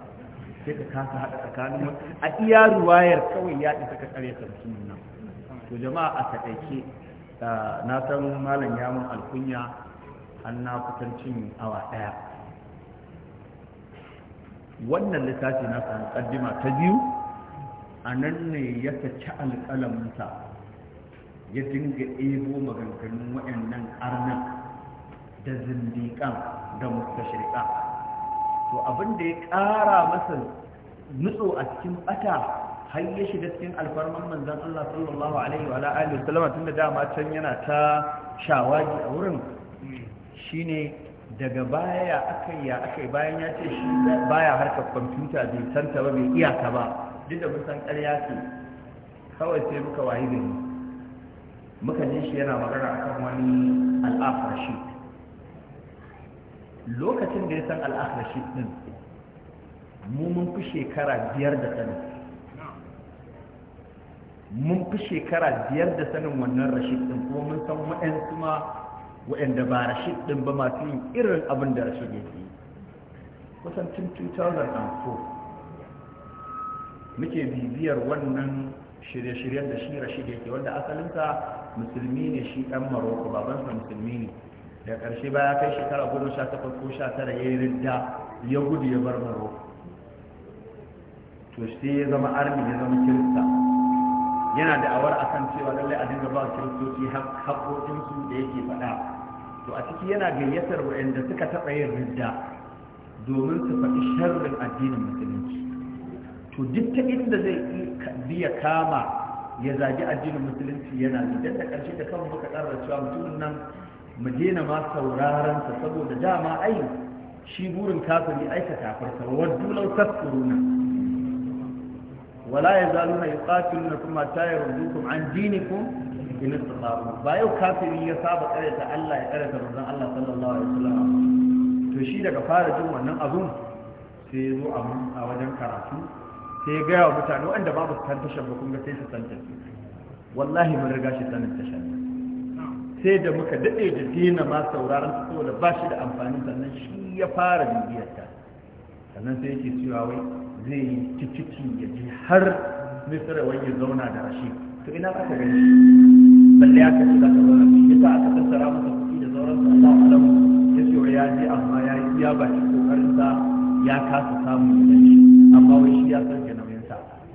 sai ka kasa haɗa tsakanin a iya ruwayar kawai ya isa ka tsare sarkin nan to jama'a a taƙaice na san malam ya mun alkunya an na kusan cin awa ɗaya wannan littafi na kan ƙaddima ta biyu a nan ne ya saci alƙalaminsa ya dinga ebo maganganun waɗannan arnan da zindiƙan da mustashriƙa to abin da ya ƙara masa nutso a cikin ɓata har ya shiga cikin alfarman manzan Allah sallallahu alaihi wa alihi sallama tunda dama can yana ta shawagi a wurin shine daga baya aka yi aka yi bayan ya ce shi baya harka kwamfuta bai santa ba bai iyaka ba duk da mun san ƙarya ce kawai sai muka wayi gari muka ji shi yana magana akan wani al'afrashi lokacin da ya san al'afrashi din mu mun fi shekara biyar da sanin mun fi shekara biyar da sanin wannan rashid din kuma mun san waɗansu ma waɗanda ba rashid din ba masu yin irin abin da rashid ya yi kusan tun 2004 muke bibiyar wannan shirye-shiryen da shi rashid ya ke wanda asalinsa musulmi ne shi ɗan maroko babansa musulmi ne da ƙarshe baya kai shekara goma sha takwas ko sha tara ya yi ridda ya gudu ya bar maroko to sai ya zama armi ya zama kirista yana da awar a kan cewa lallai a dinga ba kiristoci haƙoƙinsu da yake faɗa to a ciki yana gayyatar waɗanda suka taɓa yin ridda domin su faɗi sharrin addinin musulunci to duk ta inda zai biya kama ya zagi addinin musulunci yana da da ƙarshe da kan muka ƙara cewa mutumin nan mu daina ma sauraron sa saboda dama ai shi burin kafiri aika kafarsa wa dulau tasfuruna wala yazaluna yuqatilunakum hatta yardukum an dinikum in istatabu ba yau kafiri ya saba karanta Allah ya karanta manzon Allah sallallahu alaihi wasallam to shi daga fara jin wannan abun sai ya zo a wajen karatu sai ya gaya wa mutane wanda babu san tashar ba kun ga sai su san tashar wallahi mun riga shi sanin tashar sai da muka daɗe da dina ma sauraron su saboda ba shi da amfani sannan shi ya fara bibiyar ta sannan sai yake cewa wai zai yi tikiti ya ji har misira wai ya zauna da rashi to ina aka gani balle aka ci za ka zauna shi yasa aka tattara masa kuɗi da sauran su Allah alam ya ce ya je amma ya yi iya baki kokarin sa ya kasa samun yanayi amma wai shi ya san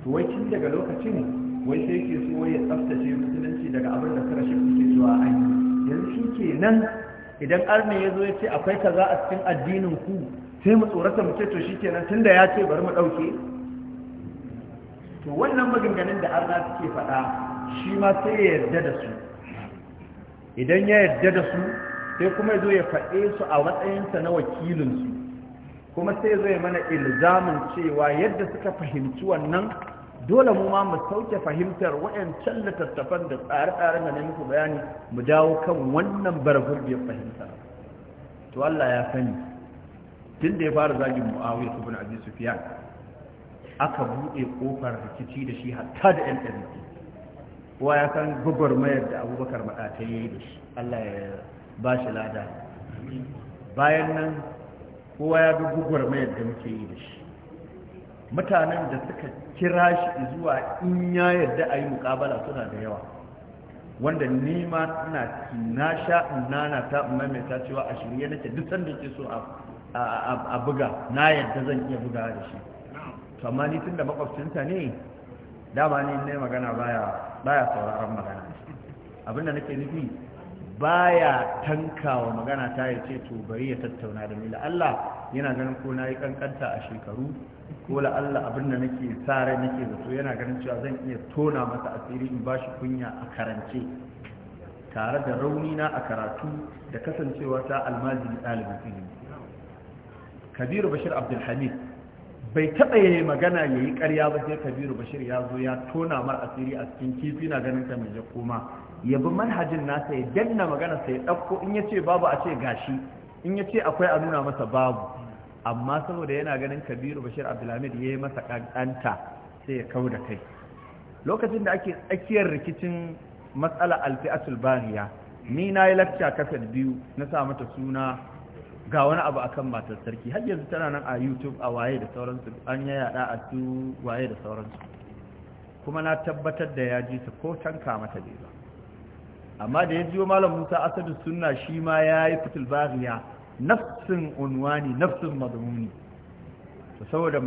to wai tun daga lokacin wai sai ke so ya tsaftace musulunci daga abin da karashin suke zuwa an yanzu shi ke nan idan arne ya zo ya ce akwai kaza a cikin addinin ku sai mu tsorata mu ce to shi ke kenan tunda ya ce bari mu ɗauke to wannan maganganun da arna suke faɗa shi ma sai ya yarda da su idan ya yarda da su sai kuma ya zo ya faɗe su a matsayinsa na wakilinsu kuma sai zai mana ilzamin cewa yadda suka fahimci wannan dole mu ma mu sauke fahimtar wayancan littattafan da tsare-tsaren da na muku bayani mu dawo kan wannan barburbiyar fahimta to Allah ya sani tun da ya fara zagin mu'awiyar ibn abi sufyan aka buɗe ƙofar rikici da shi hatta da ƴan ɗariki kowa ya san gwagwarmayar da abubakar maɗata ya yi da shi Allah ya ba shi lada bayan nan kowa ya bi gugwar mayar da muke yi da shi mutanen da suka kira shi zuwa in ya yarda a yi mukabala suna da yawa wanda nema na na sha na ta maimaita cewa a shirye nake duk sanda ke so a buga na yadda zan iya buga da shi to amma ni tunda makwabcinta ne dama ni ne magana baya baya sauraron magana abinda nake nufi baya tankawa magana ta ya ce to bari ya tattauna da ni Allah yana ganin ko na yi kankanta a shekaru ko Allah abin da nake tsare nake zato yana ganin cewa zan iya tona masa asiri in ba shi kunya a karance tare da rauni na a karatu da kasancewa ta almajiri ɗalibin ilimi kabiru bashir abdulhamid bai taɓa yi magana ya yi ƙarya ba sai kabiru bashir ya zo ya tona mar asiri a cikin kifi na ganin ta mai ya koma ya bi manhajin nasa ya danna magana sai ya ɗauko in ya ce babu a ce gashi in ya ce akwai a nuna masa babu amma saboda yana ganin kabiru bashir abdulhamid ya yi masa ƙanƙanta sai ya kau da kai lokacin da ake tsakiyar rikicin matsala alfi'atul bariya ni na yi lakca kasar biyu na sa mata suna ga wani abu akan matar sarki har yanzu tana nan a youtube a waye da sauransu an ya yada a su waye da sauransu kuma na tabbatar da ya ji ta ko tanka mata bai ba amma da ya jiyo malam musa asadu sunna shi ma ya yi fitil baghiya nafsin unwani nafsin mazumuni saboda